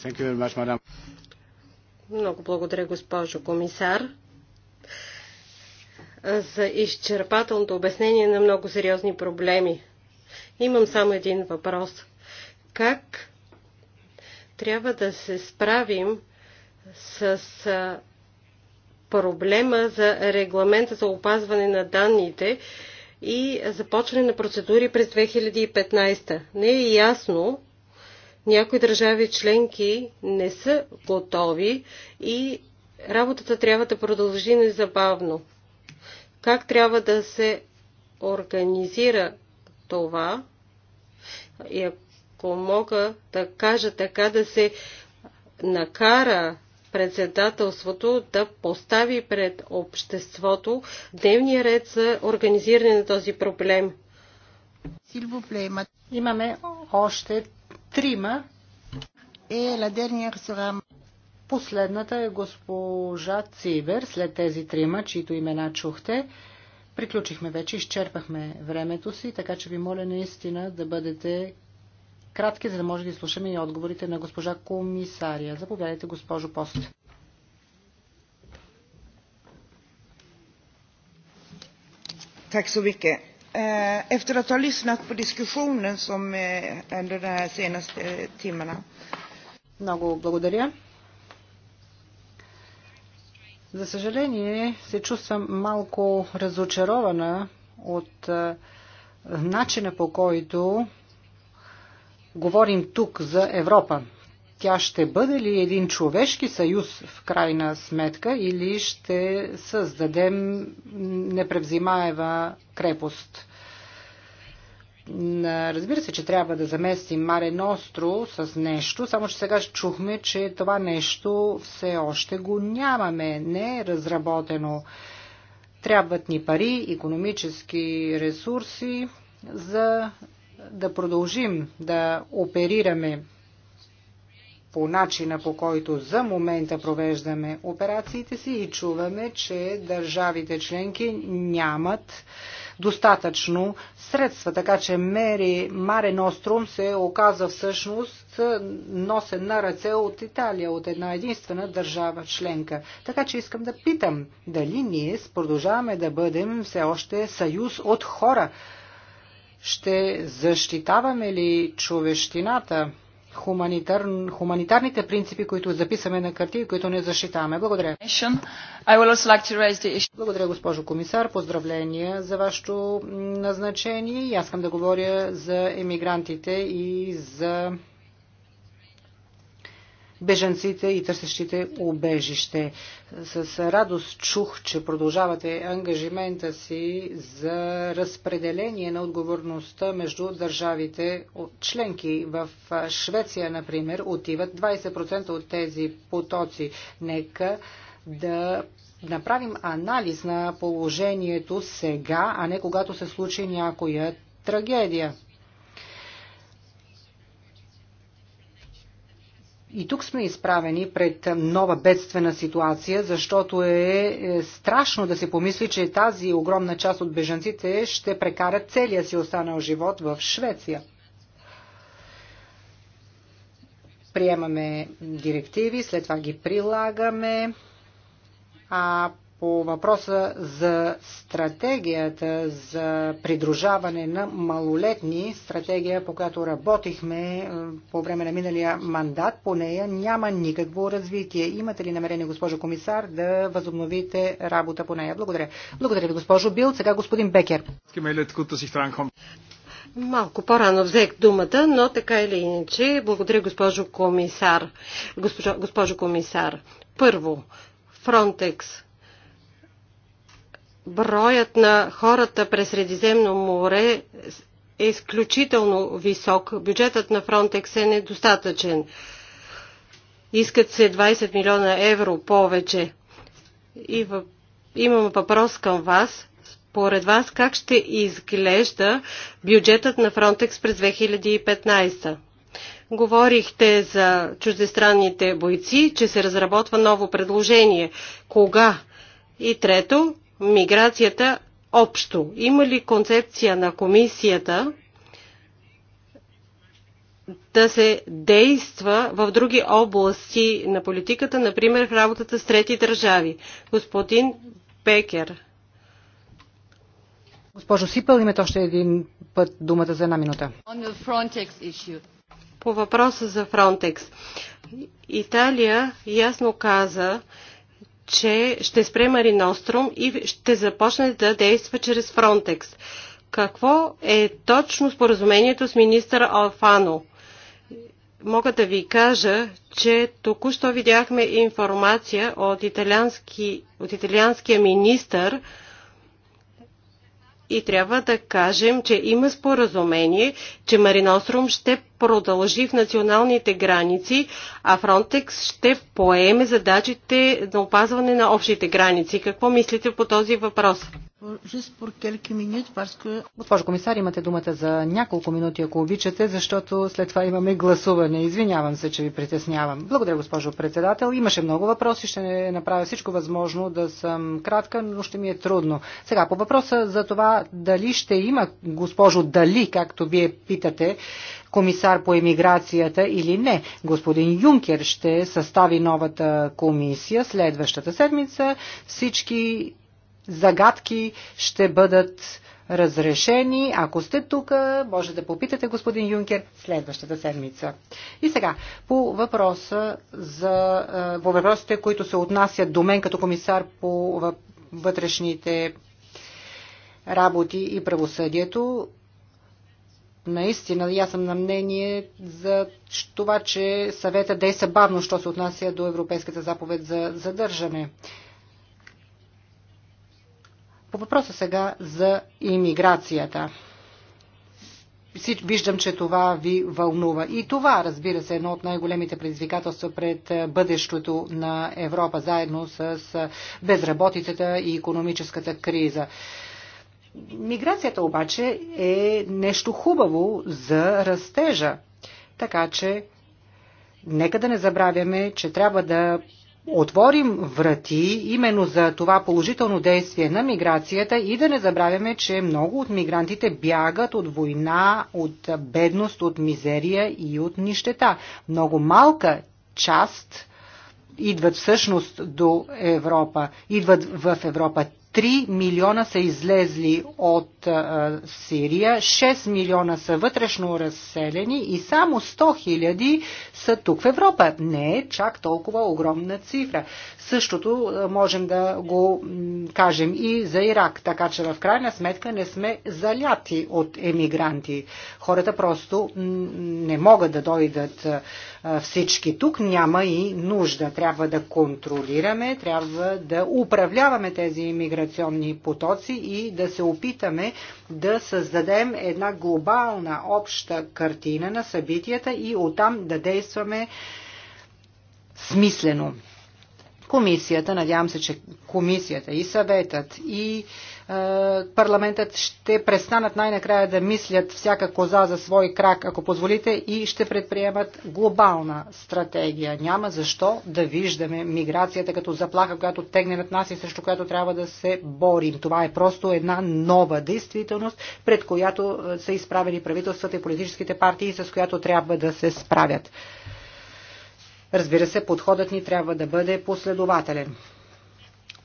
Thank you very much, madam. Много благодаря, госпожо комисар за изчерпателното обяснение на много сериозни проблеми. Имам само един въпрос. Как трябва да се справим с проблема за регламента за опазване на данните и започване на процедури през 2015. Не е ясно, някои държави членки не са готови и работата трябва да продължи незабавно. Как трябва да се организира това? И ако мога да кажа така, да се накара председателството да постави пред обществото дневния ред за организиране на този проблем. Имаме още трима. Е, la dernière Последната е госпожа Цибер, след тези трима, чието имена чухте. Приключихме вече, изчерпахме времето си, така че ви моля наистина да бъдете кратки, за да може да изслушаме и отговорите на госпожа комисария. Заповядайте, госпожо Пост. Tack så mycket. Eh, efter att ha lyssnat på diskussionen som eh, under de här senaste eh, timmarna. Много благодаря. За съжаление, се чувствам малко разочарована от начина по който говорим тук за Европа. Тя ще бъде ли един човешки съюз в крайна сметка или ще създадем непревзимаева крепост? Разбира се, че трябва да заместим Маре Ностро с нещо, само че сега чухме, че това нещо все още го нямаме, не е разработено. Трябват ни пари, економически ресурси, за да продължим да оперираме по начина по който за момента провеждаме операциите си и чуваме, че държавите членки нямат достатъчно средства. Така че Мери Маре Нострум се оказа всъщност е, носен на ръце от Италия, от една единствена държава членка. Така че искам да питам, дали ние продължаваме да бъдем все още съюз от хора? Ще защитаваме ли човещината? хуманитар, хуманитарните принципи, които записаме на карти и които не защитаваме. Благодаря. Благодаря, госпожо комисар. Поздравления за вашето назначение. И аз искам да говоря за емигрантите и за беженците и търсещите убежище. С радост чух, че продължавате ангажимента си за разпределение на отговорността между държавите членки. В Швеция, например, отиват 20% от тези потоци. Нека да направим анализ на положението сега, а не когато се случи някоя трагедия. И тук сме изправени пред нова бедствена ситуация, защото е, е страшно да се помисли, че тази огромна част от бежанците ще прекарат целия си останал живот в Швеция. Приемаме директиви, след това ги прилагаме, а по въпроса за стратегията за придружаване на малолетни, стратегия по която работихме е, по време на миналия мандат, по нея няма никакво развитие. Имате ли намерение, госпожо комисар, да възобновите работа по нея? Благодаря. Благодаря ви, госпожо Бил. Сега господин Бекер. Малко по-рано взех думата, но така или иначе, благодаря госпожо комисар. Госпожо, госпожо комисар, първо, Фронтекс броят на хората през Средиземно море е изключително висок. Бюджетът на Фронтекс е недостатъчен. Искат се 20 милиона евро повече. И в... имам въпрос към вас. Според вас как ще изглежда бюджетът на Фронтекс през 2015? Говорихте за чуждестранните бойци, че се разработва ново предложение. Кога? И трето, миграцията общо. Има ли концепция на комисията да се действа в други области на политиката, например в работата с трети държави? Господин Пекер. Госпожо Сипъл, имате още един път думата за една минута. По въпроса за Фронтекс. Италия ясно каза, че ще спре Мариностром и ще започне да действа чрез Фронтекс. Какво е точно споразумението с министър Алфано? Мога да ви кажа, че току-що видяхме информация от, италиански, от италианския министър и трябва да кажем, че има споразумение, че Мариностром ще продължи в националните граници, а Фронтекс ще поеме задачите на опазване на общите граници. Какво мислите по този въпрос? Госпожо комисар, имате думата за няколко минути, ако обичате, защото след това имаме гласуване. Извинявам се, че ви притеснявам. Благодаря, госпожо председател. Имаше много въпроси, ще направя всичко възможно да съм кратка, но ще ми е трудно. Сега, по въпроса за това дали ще има, госпожо, дали, както вие питате, комисар по емиграцията или не. Господин Юнкер ще състави новата комисия следващата седмица. Всички загадки ще бъдат разрешени. Ако сте тук, може да попитате господин Юнкер следващата седмица. И сега, по, въпроса за, по въпросите, които се отнасят до мен като комисар по вътрешните работи и правосъдието, наистина, и аз съм на мнение за това, че съвета действа бавно, що се отнася до Европейската заповед за задържане. По въпроса сега за иммиграцията. Виждам, че това ви вълнува. И това, разбира се, е едно от най-големите предизвикателства пред бъдещето на Европа, заедно с безработицата и економическата криза. Миграцията обаче е нещо хубаво за растежа. Така че нека да не забравяме, че трябва да отворим врати именно за това положително действие на миграцията и да не забравяме, че много от мигрантите бягат от война, от бедност, от мизерия и от нищета. Много малка част идват всъщност до Европа. Идват в Европа. 3 милиона са излезли от от а, Сирия, 6 милиона са вътрешно разселени и само 100 хиляди са тук в Европа. Не е чак толкова огромна цифра. Същото а, можем да го м, кажем и за Ирак, така че в крайна сметка не сме заляти от емигранти. Хората просто не могат да дойдат а, всички тук, няма и нужда. Трябва да контролираме, трябва да управляваме тези иммиграционни потоци и да се опитаме да създадем една глобална обща картина на събитията и оттам да действаме смислено комисията, надявам се, че комисията и съветът и е, парламентът ще престанат най-накрая да мислят всяка коза за свой крак, ако позволите, и ще предприемат глобална стратегия. Няма защо да виждаме миграцията като заплаха, която тегне над нас и срещу която трябва да се борим. Това е просто една нова действителност, пред която е, са изправени правителствата и политическите партии, с която трябва да се справят. Разбира се, подходът ни трябва да бъде последователен.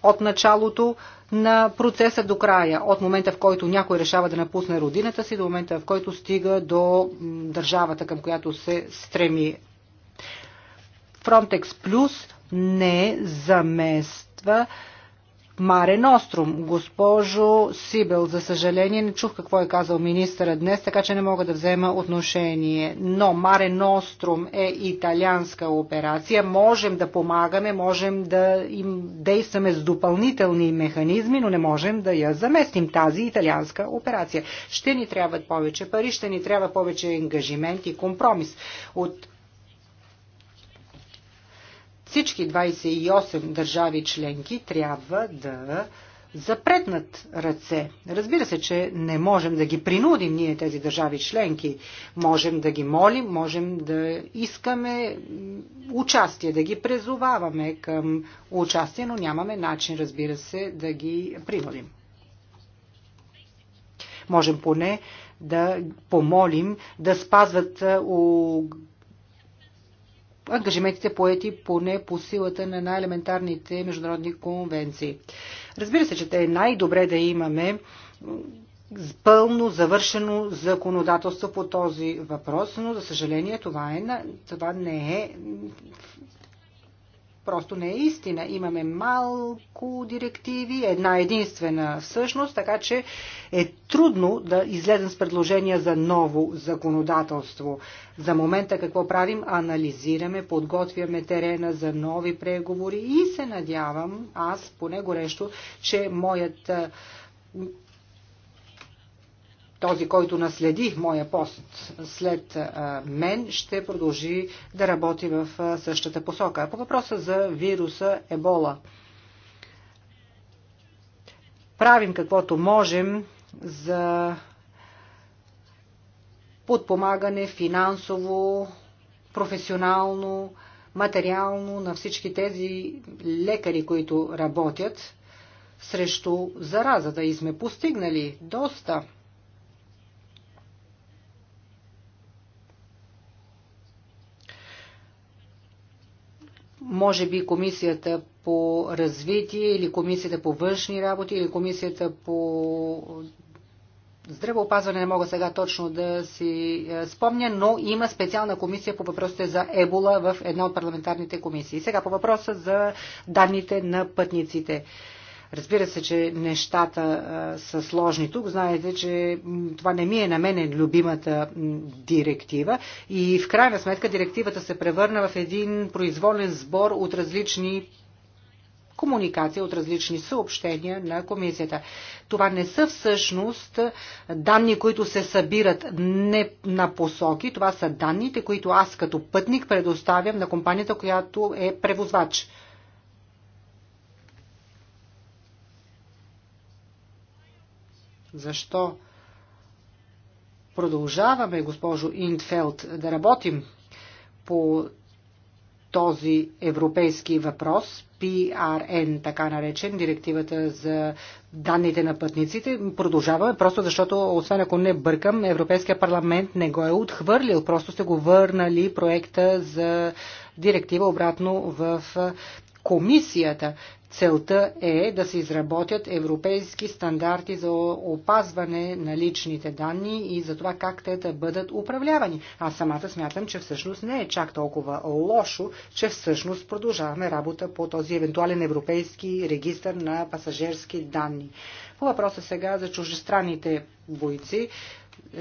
От началото на процеса до края, от момента в който някой решава да напусне родината си, до момента в който стига до държавата, към която се стреми. Frontex Plus не замества Маре Ностром. Госпожо Сибел, за съжаление не чух какво е казал министъра днес, така че не мога да взема отношение. Но Маре Ностром е италианска операция. Можем да помагаме, можем да им действаме с допълнителни механизми, но не можем да я заместим тази италианска операция. Ще ни трябват повече пари, ще ни трябва повече ангажимент и компромис от всички 28 държави членки трябва да запретнат ръце. Разбира се, че не можем да ги принудим ние тези държави членки. Можем да ги молим, можем да искаме участие, да ги презоваваме към участие, но нямаме начин, разбира се, да ги принудим. Можем поне да помолим да спазват ангажиментите поети поне по силата на най-елементарните международни конвенции. Разбира се, че те е най-добре да имаме пълно завършено законодателство по този въпрос, но за съжаление това, е, това не е просто не е истина. Имаме малко директиви, една единствена всъщност, така че е трудно да излезем с предложения за ново законодателство. За момента какво правим? Анализираме, подготвяме терена за нови преговори и се надявам, аз поне горещо, че моят този, който наследи моя пост след мен, ще продължи да работи в същата посока. По въпроса за вируса Ебола. Правим каквото можем за подпомагане финансово, професионално, материално на всички тези лекари, които работят срещу заразата и сме постигнали доста. може би комисията по развитие или комисията по външни работи или комисията по здравеопазване не мога сега точно да си е, спомня, но има специална комисия по въпросите за ебола в една от парламентарните комисии. Сега по въпроса за данните на пътниците. Разбира се, че нещата а, са сложни тук. Знаете, че това не ми е на мене любимата директива. И в крайна сметка директивата се превърна в един произволен сбор от различни комуникация от различни съобщения на комисията. Това не са всъщност данни, които се събират не на посоки, това са данните, които аз като пътник предоставям на компанията, която е превозвач. Защо продължаваме, госпожо Индфелд, да работим по този европейски въпрос, PRN, така наречен, директивата за данните на пътниците. Продължаваме, просто защото, освен ако не бъркам, Европейския парламент не го е отхвърлил, просто сте го върнали проекта за директива обратно в комисията. Целта е да се изработят европейски стандарти за опазване на личните данни и за това как те да бъдат управлявани. Аз самата смятам, че всъщност не е чак толкова лошо, че всъщност продължаваме работа по този евентуален европейски регистр на пасажирски данни. По въпроса сега за чужестранните бойци,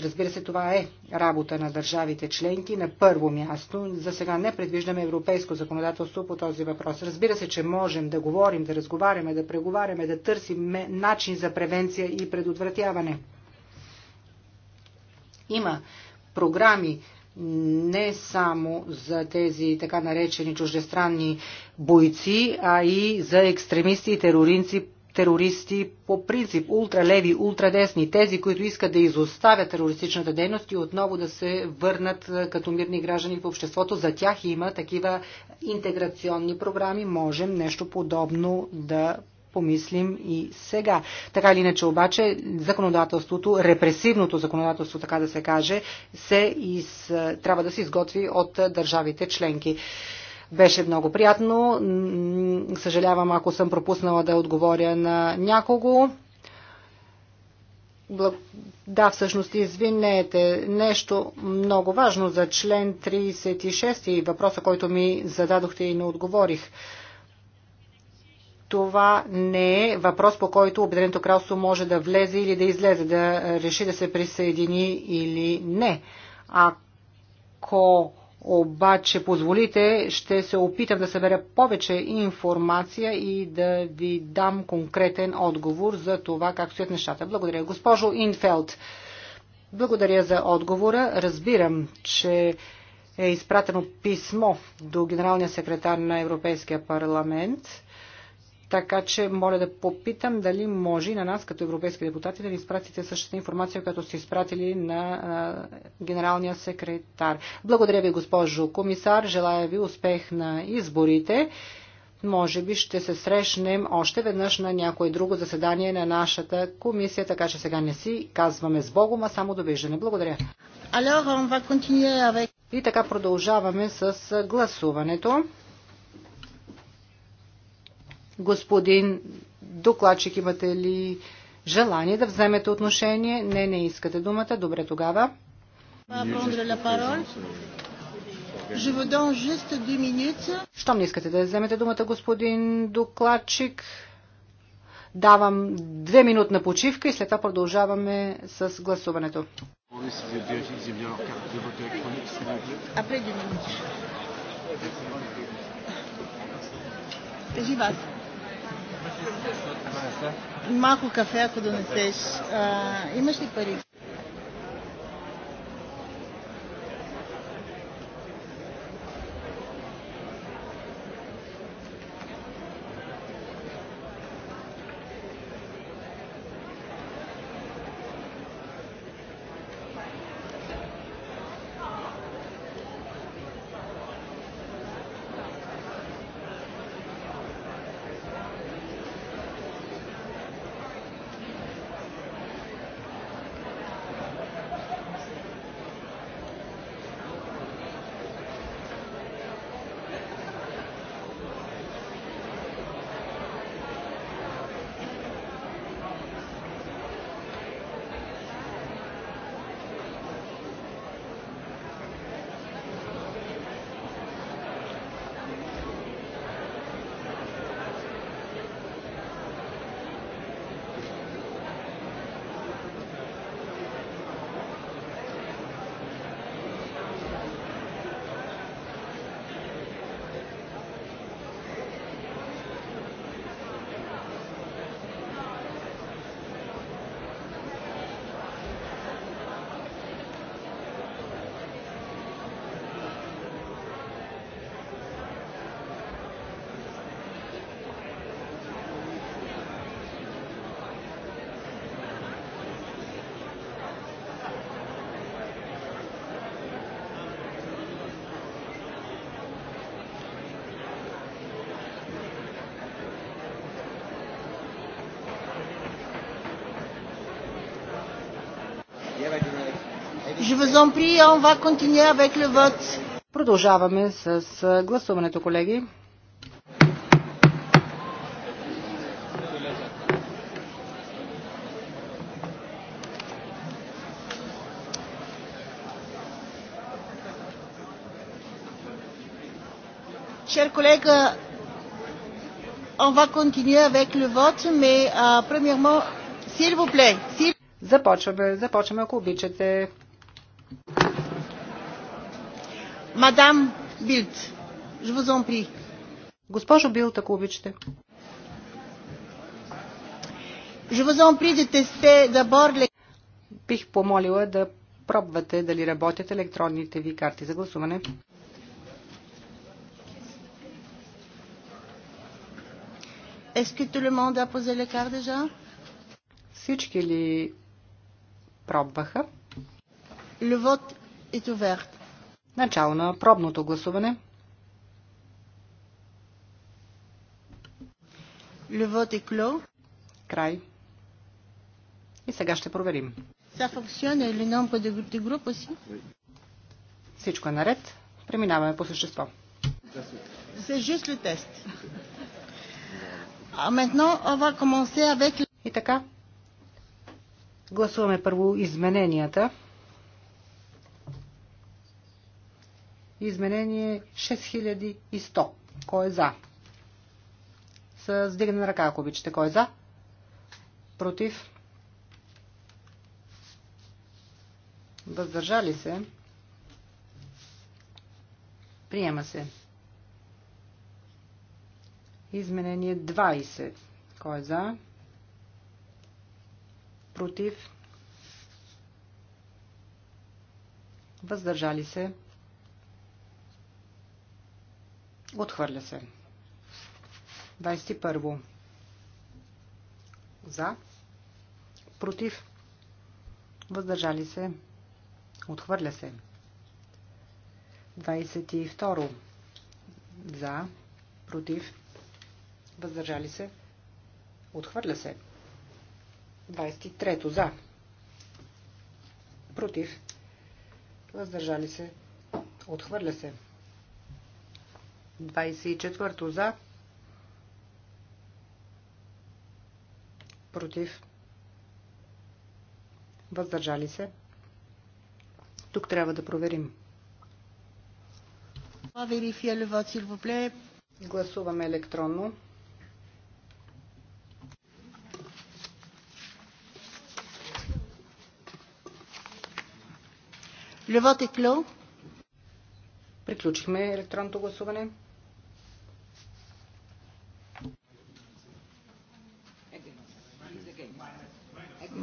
Разбира се, това е работа на държавите членки на първо място. За сега не предвиждаме европейско законодателство по този въпрос. Разбира се, че можем да говорим, да разговаряме, да преговаряме, да търсим начин за превенция и предотвратяване. Има програми не само за тези така наречени чуждестранни бойци, а и за екстремисти и тероринци терористи по принцип, ултралеви, ултрадесни, тези, които искат да изоставят терористичната дейност и отново да се върнат като мирни граждани в обществото. За тях има такива интеграционни програми. Можем нещо подобно да помислим и сега. Така или иначе обаче законодателството, репресивното законодателство, така да се каже, се из... трябва да се изготви от държавите членки. Беше много приятно. Съжалявам, ако съм пропуснала да отговоря на някого. Да, всъщност, извинете, нещо много важно за член 36 и въпроса, който ми зададохте и не отговорих. Това не е въпрос, по който Обединеното кралство може да влезе или да излезе, да реши да се присъедини или не. Ако обаче позволите, ще се опитам да събера повече информация и да ви дам конкретен отговор за това как стоят нещата. Благодаря. Госпожо Инфелд, благодаря за отговора. Разбирам, че е изпратено писмо до генералния секретар на Европейския парламент така че моля да попитам дали може и на нас като европейски депутати да ни изпратите същата информация, която сте изпратили на а, генералния секретар. Благодаря ви, госпожо комисар. Желая ви успех на изборите. Може би ще се срещнем още веднъж на някое друго заседание на нашата комисия, така че сега не си казваме с Богом, а само довиждане. Благодаря. И така продължаваме с гласуването. Господин докладчик, имате ли желание да вземете отношение? Не, не искате думата. Добре тогава. Щом не искате да вземете думата, господин докладчик, давам две на почивка и след това продължаваме с гласуването. J'y Малко кафе, ако донесеш. А, имаш ли пари? Продължаваме с гласуването, колеги. Chers collègues, on va continuer avec le vote, mais euh, premièrement, s'il vous plaît. S'il... Започваме, започваме, ако обичате. Мадам Билт, при. Госпожо Билт, ако обичате. Бих помолила да пробвате дали работят електронните ви карти за гласуване. Всички ли пробваха? Le vote est ouvert. Начало на пробното гласуване. Le vote est clos. Край. И сега ще проверим. Ça fonctionne le nombre de, de groupes aussi? Всичко е наред. Преминаваме по същество. C'est juste le test. А maintenant, on va commencer avec... И така. Гласуваме първо измененията. Изменение 6100. Кой е за? С дигна ръка, ако обичате. Кой е за? Против? Въздържали се? Приема се. Изменение 20. Кой е за? Против? Въздържали се? Отхвърля се. 21. За. Против. Въздържали се. Отхвърля се. 22. За. Против. Въздържали се. Отхвърля се. 23. За. Против. Въздържали се. Отхвърля се. 24. 24 за. Против. Въздържали се. Тук трябва да проверим. Гласуваме електронно. Le vote Приключихме електронното гласуване.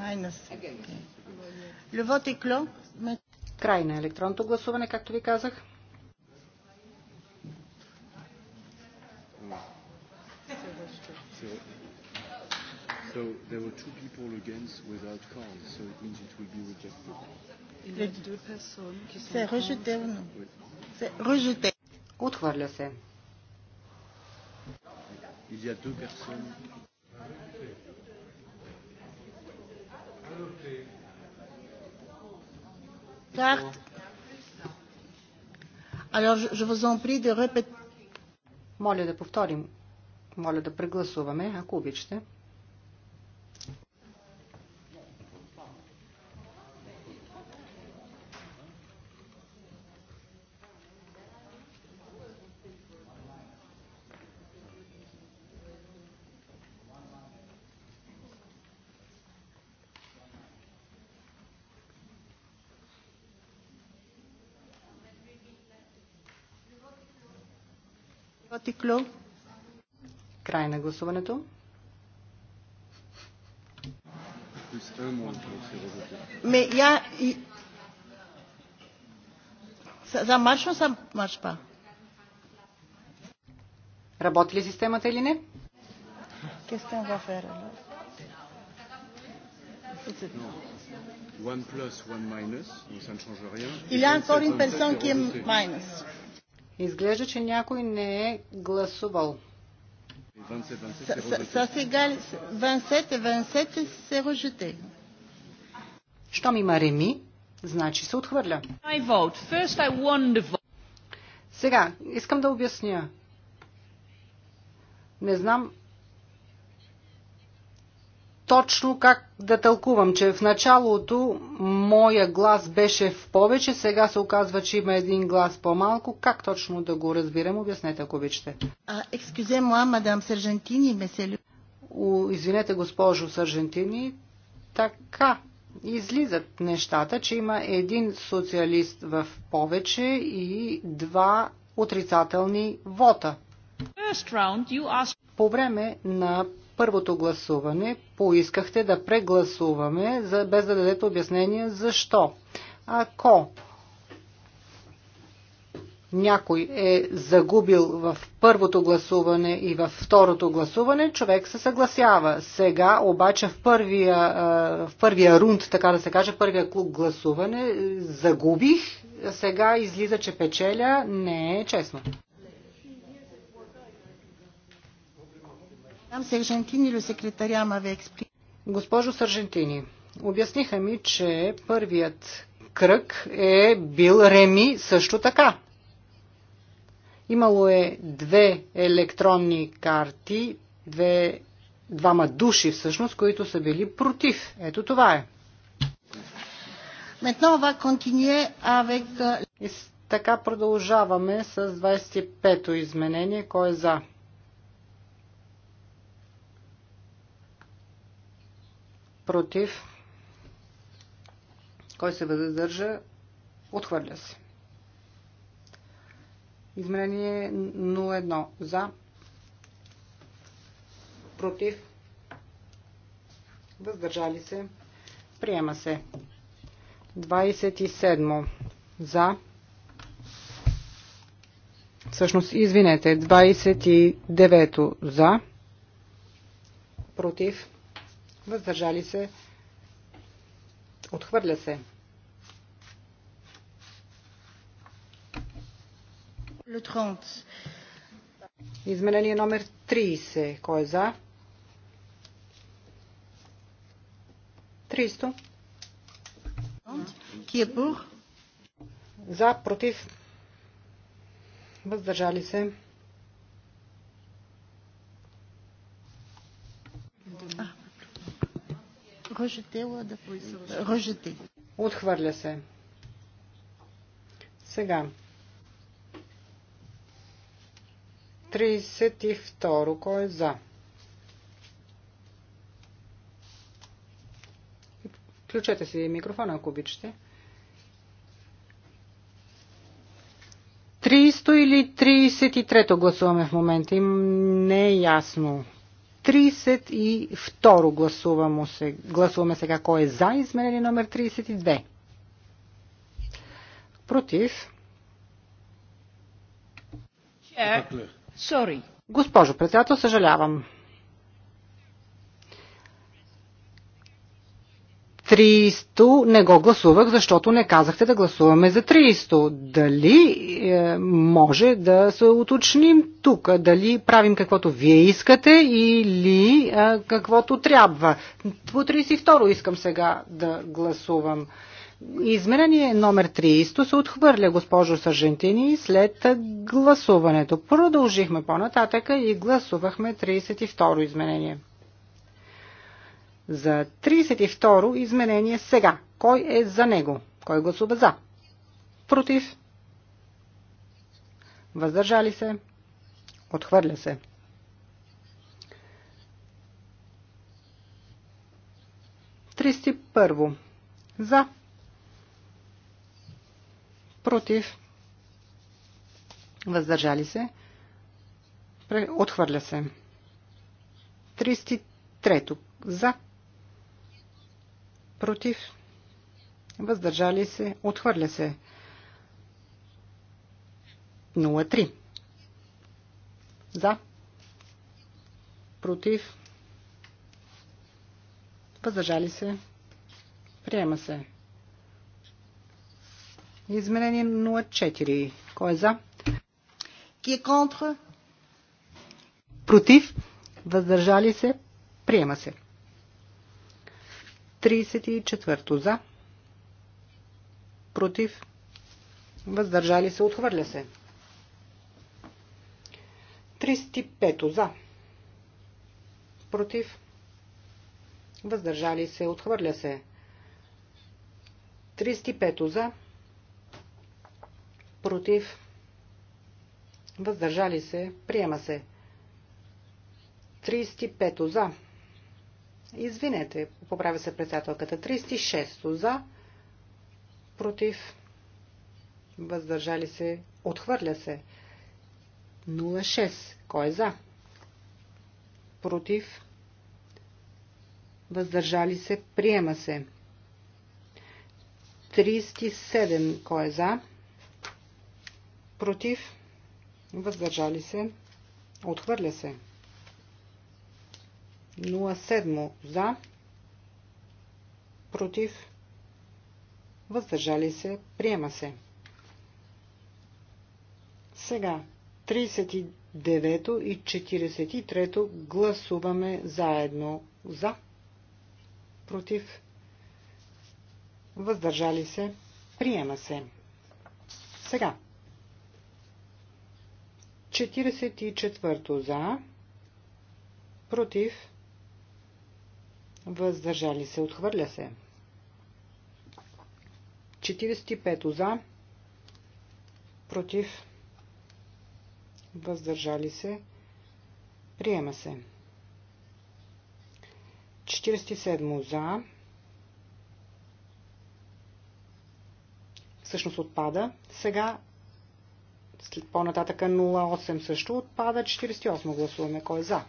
Майнас. Львот и Кло. Край на електронното гласуване, както ви казах. So there were two people against without count, so it means it will be rejected. Il y a Отхвърля се. Il y a deux personnes Carte. Alors, je vous en prie de répéter. Моля да повторим. Моля да прегласуваме, ако обичате. Vote Край на гласуването. Mais il y a... Ça, ça marche ou ça marche pas Работи ли системата или не? Qu'est-ce qu'on va faire alors One plus, one minus, donc ça ne change rien. Il y a encore une personne qui est minus. Изглежда, че някой не е гласувал. Са сега 27 е, е, се ръжете. Щом има реми, значи се отхвърля. Сега, искам да обясня. Не знам точно как да тълкувам, че в началото моя глас беше в повече, сега се оказва, че има един глас по-малко. Как точно да го разбирам? Обяснете, ако обичате. Екскюзе мадам меселю. Извинете, госпожо Сържантини, така излизат нещата, че има един социалист в повече и два отрицателни вота. По време на първото гласуване поискахте да прегласуваме, за, без да дадете обяснение защо. Ако някой е загубил в първото гласуване и във второто гласуване, човек се съгласява. Сега обаче в първия, в първия рунд, така да се каже, първия клуб гласуване, е, загубих, сега излиза, че печеля, не е честно. Госпожо Сържентини, обясниха ми, че първият кръг е бил Реми също така. Имало е две електронни карти, две, двама души всъщност, които са били против. Ето това е. И така продължаваме с 25-то изменение. Кой е за? против, кой се въздържа, отхвърля се. Изменение 01 за, против, въздържали се, приема се. 27 за, всъщност извинете, 29 за, против, въздържали се, отхвърля се. Изменение номер 30. Кой е за? 300. За, против. Въздържали се. Отхвърля се. Сега. 32. Кой е за? Включете си микрофона, ако обичате. 300 или 33-то гласуваме в момента. Им не е ясно. 32 гласуваме сега. гласуваме сега. Кой е за изменение номер 32? Против? Е, sorry. Госпожо председател, съжалявам. 300 не го гласувах, защото не казахте да гласуваме за 300. Дали е, може да се уточним тук? Дали правим каквото вие искате или е, каквото трябва? По 32 искам сега да гласувам. Изменение номер 300 се отхвърля госпожо Саржентини след гласуването. Продължихме по-нататъка и гласувахме 32 изменение за 32-ро изменение сега. Кой е за него? Кой гласува за? Против? Въздържали се? Отхвърля се. Тристи първо. За. Против. Въздържали се. Отхвърля се. 33. За против, въздържали се, отхвърля се. 0-3. За, против, въздържали се, приема се. Изменение 0-4. Кой е за? Ки е контр? Против, въздържали се, приема се. 34 за. Против. Въздържали се. Отхвърля се. 35 за. Против. Въздържали се. Отхвърля се. 35 за. Против. Въздържали се. Приема се. 35 за Извинете, поправя се председателката. 36 за, против, въздържали се, отхвърля се. 06. Кой е за? Против, въздържали се, приема се. 37. Кой е за? Против, въздържали се, отхвърля се. 07 за, против, въздържали се, приема се. Сега 39 и 43 гласуваме заедно за, против, въздържали се, приема се. Сега 44 за, против, въздържали се, отхвърля се. 45 за, против, въздържали се, приема се. 47 за, всъщност отпада. Сега по-нататъка 08 също отпада, 48 гласуваме кой е за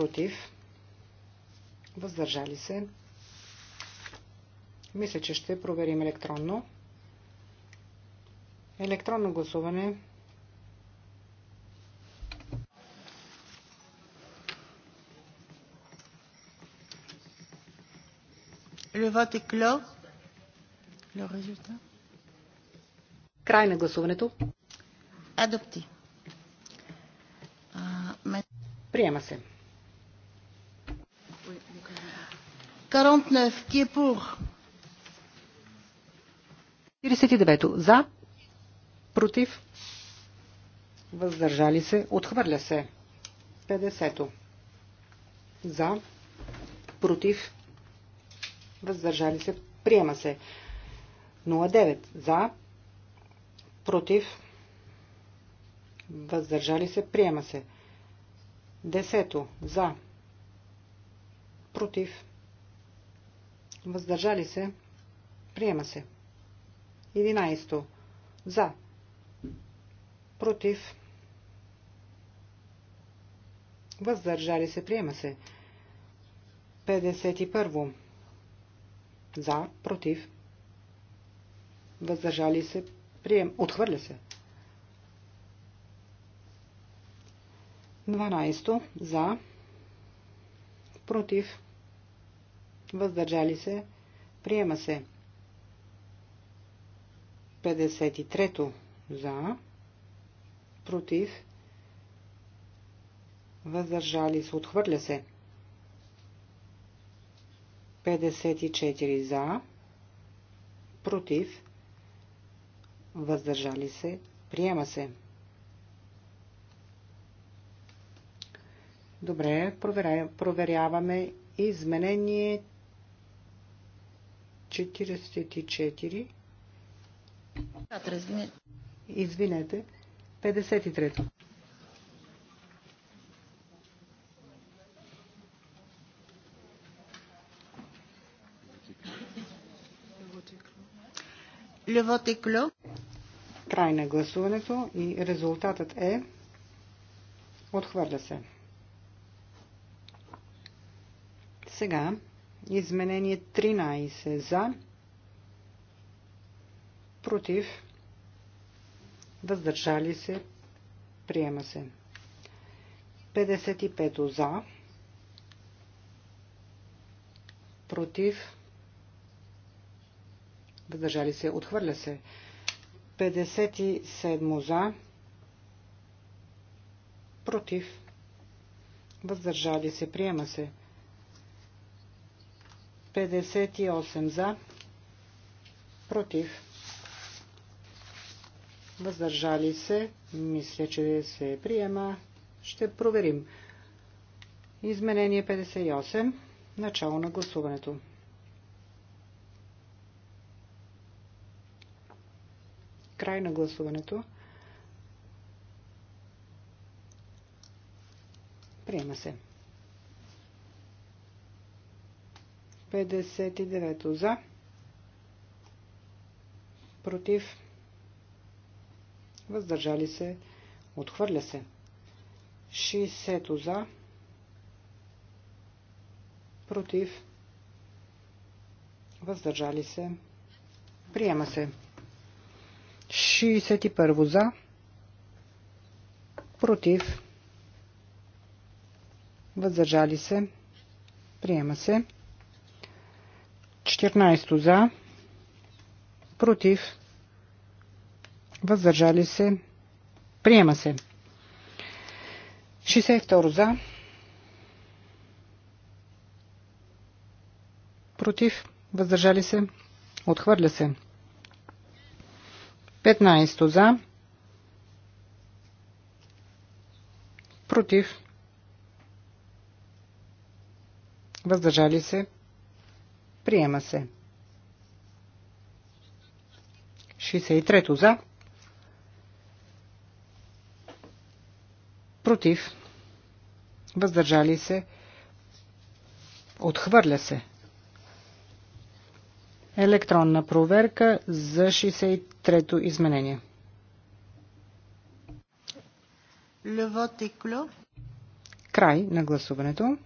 против, въздържали се. Мисля, че ще проверим електронно. Електронно гласуване. Левът е est clos. Край на гласуването. Адопти. Приема се. 49. neuf qui est pour? 49 за, против, въздържали се, отхвърля се. 50 за, против, въздържали се, приема се. 09 за, против, въздържали се, приема се. 10 за, против, Въздържали се. Приема се. 11. За. Против. Въздържали се. Приема се. 51. За. Против. Въздържали се. Прием. Отхвърля се. 12. За. Против въздържали се, приема се. 53-то за, против, въздържали се, отхвърля се. 54 за, против, въздържали се, приема се. Добре, проверяваме изменение 44. Извинете. 53. Левот клю. Край на гласуването и резултатът е отхвърля се. Сега Изменение 13 за, против, въздържали се, приема се. 55 за, против, въздържали се, отхвърля се. 57 за, против, въздържали се, приема се. 58 за, против, въздържали се, мисля, че се приема, ще проверим. Изменение 58, начало на гласуването. Край на гласуването. Приема се. 59 за. Против. Въздържали се. Отхвърля се. 60 за. Против. Въздържали се. Приема се. 61 за. Против. Въздържали се. Приема се. 14 за, против, въздържали се, приема се. 62 за, против, въздържали се, отхвърля се. 15 за, против, въздържали се, Приема се. 63-то за. Против. Въздържали се. Отхвърля се. Електронна проверка за 63-то изменение. Край на гласуването.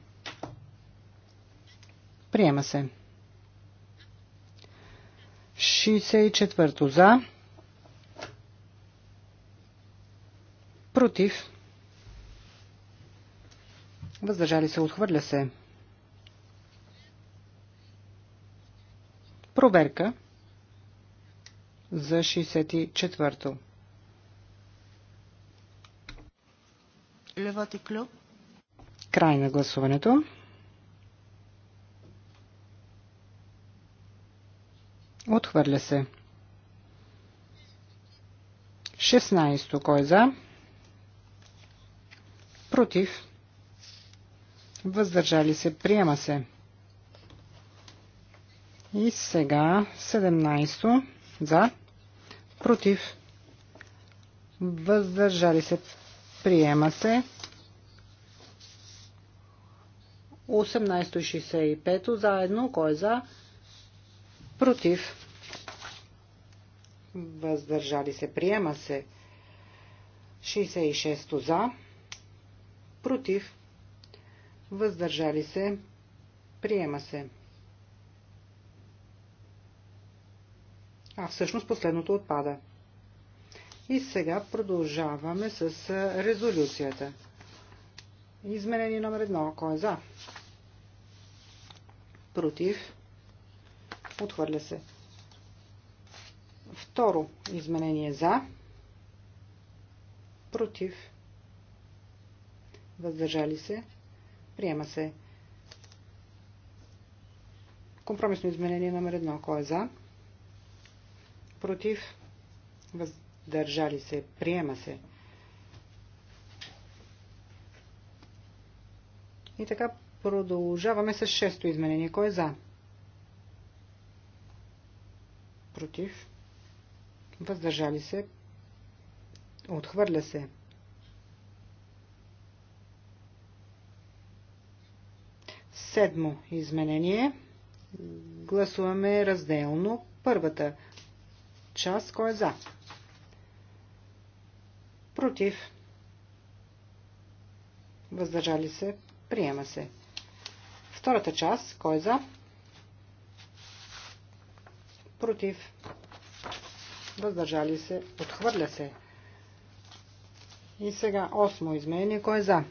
Приема се. 64 за. Против. Въздържали се, отхвърля се. Проверка за 64-то. Край на гласуването. Отхвърля се. 16. Кой е за? Против. Въздържали се. Приема се. И сега 17. За. Против. Въздържали се. Приема се. 18 и 65 заедно. Кой е за? против, въздържали се, приема се 66 за, против, въздържали се, приема се. А всъщност последното отпада. И сега продължаваме с резолюцията. Изменение номер едно. Кой е за? Против. Отхвърля се. Второ изменение за. Против. Въздържали се. Приема се. Компромисно изменение номер едно. Кой е за? Против. Въздържали се. Приема се. И така продължаваме с шесто изменение. Кой е за? против, въздържали се, отхвърля се. Седмо изменение. Гласуваме разделно първата част, кой е за. Против. Въздържали се. Приема се. Втората част, кой е за против, въздържали се, отхвърля се. И сега осмо изменение, кой е за?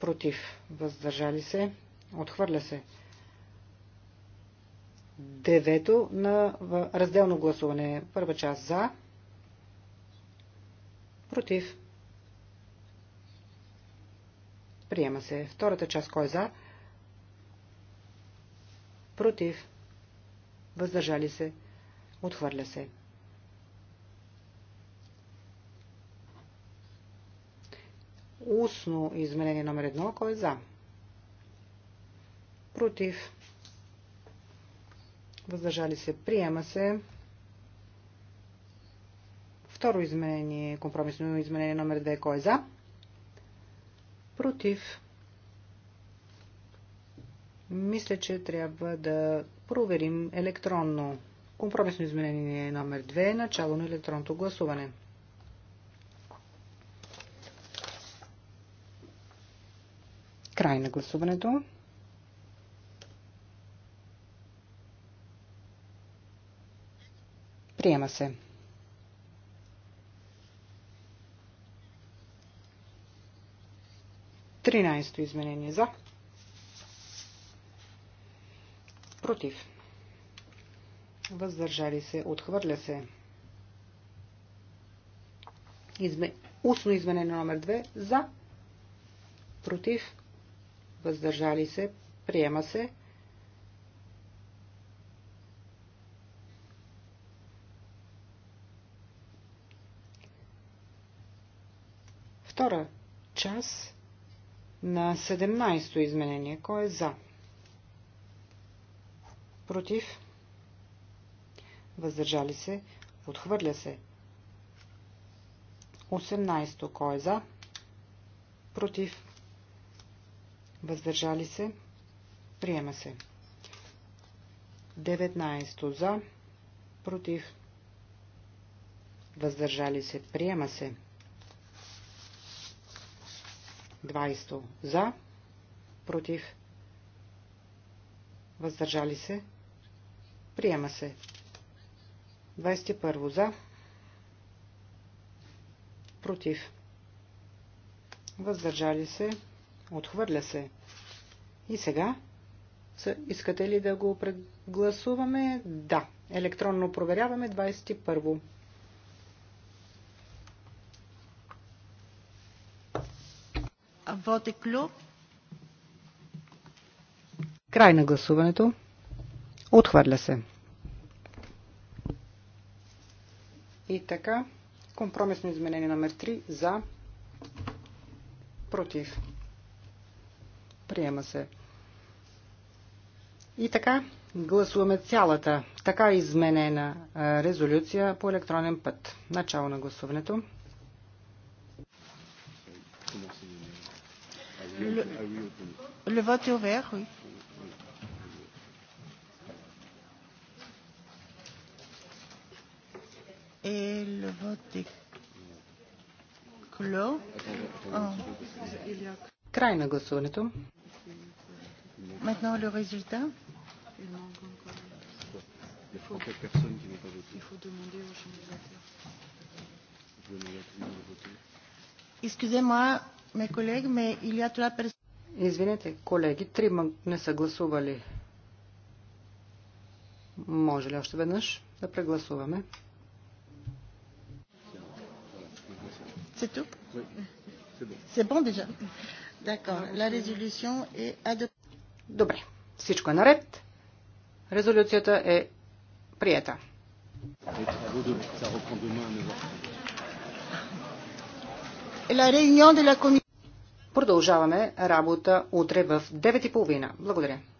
Против, въздържали се, отхвърля се. Девето на разделно гласуване. Първа част за, против, приема се. Втората част кой е за? Против въздържали се, отхвърля се. Устно изменение номер едно, кой е за? Против. Въздържали се, приема се. Второ изменение, компромисно изменение номер две, кой е за? Против. Мисля, че трябва да проверим електронно. Компромисно изменение номер 2. Начало на електронното гласуване. Край на гласуването. Приема се. Тринайсто изменение за. Против. Въздържали се. Отхвърля се. Изме... Устно изменение номер 2. За. Против. Въздържали се. Приема се. Втора част на 17-то изменение. Кой е за? против, въздържали се, отхвърля се. 18. Кой е за? Против. Въздържали се. Приема се. 19. За. Против. Въздържали се. Приема се. 20. За. Против. Въздържали се. Приема се. 21 за. Против. Въздържали се. Отхвърля се. И сега? Искате ли да го прегласуваме? Да. Електронно проверяваме 21. и клуб. Край на гласуването. Отхвърля се. И така, компромисно изменение номер 3 за против. Приема се. И така, гласуваме цялата така изменена резолюция по електронен път. Начало на гласуването. Le, le vote est ouvert, oui. Et le vote est clos. Край гласуването. Maintenant le résultat. Il faut qui pas voté. Il faut demander aux chambres Excusez-moi, mes collègues, mais il y a trois personnes. Извинете, колеги, трима не са гласували. Може ли още веднъж да прегласуваме? C'est tout Oui, c'est bon. C'est bon déjà D'accord. La résolution est adoptée. Добре. Всичко е наред. Резолюцията е прията. Продължаваме работа утре в 9.30. Благодаря.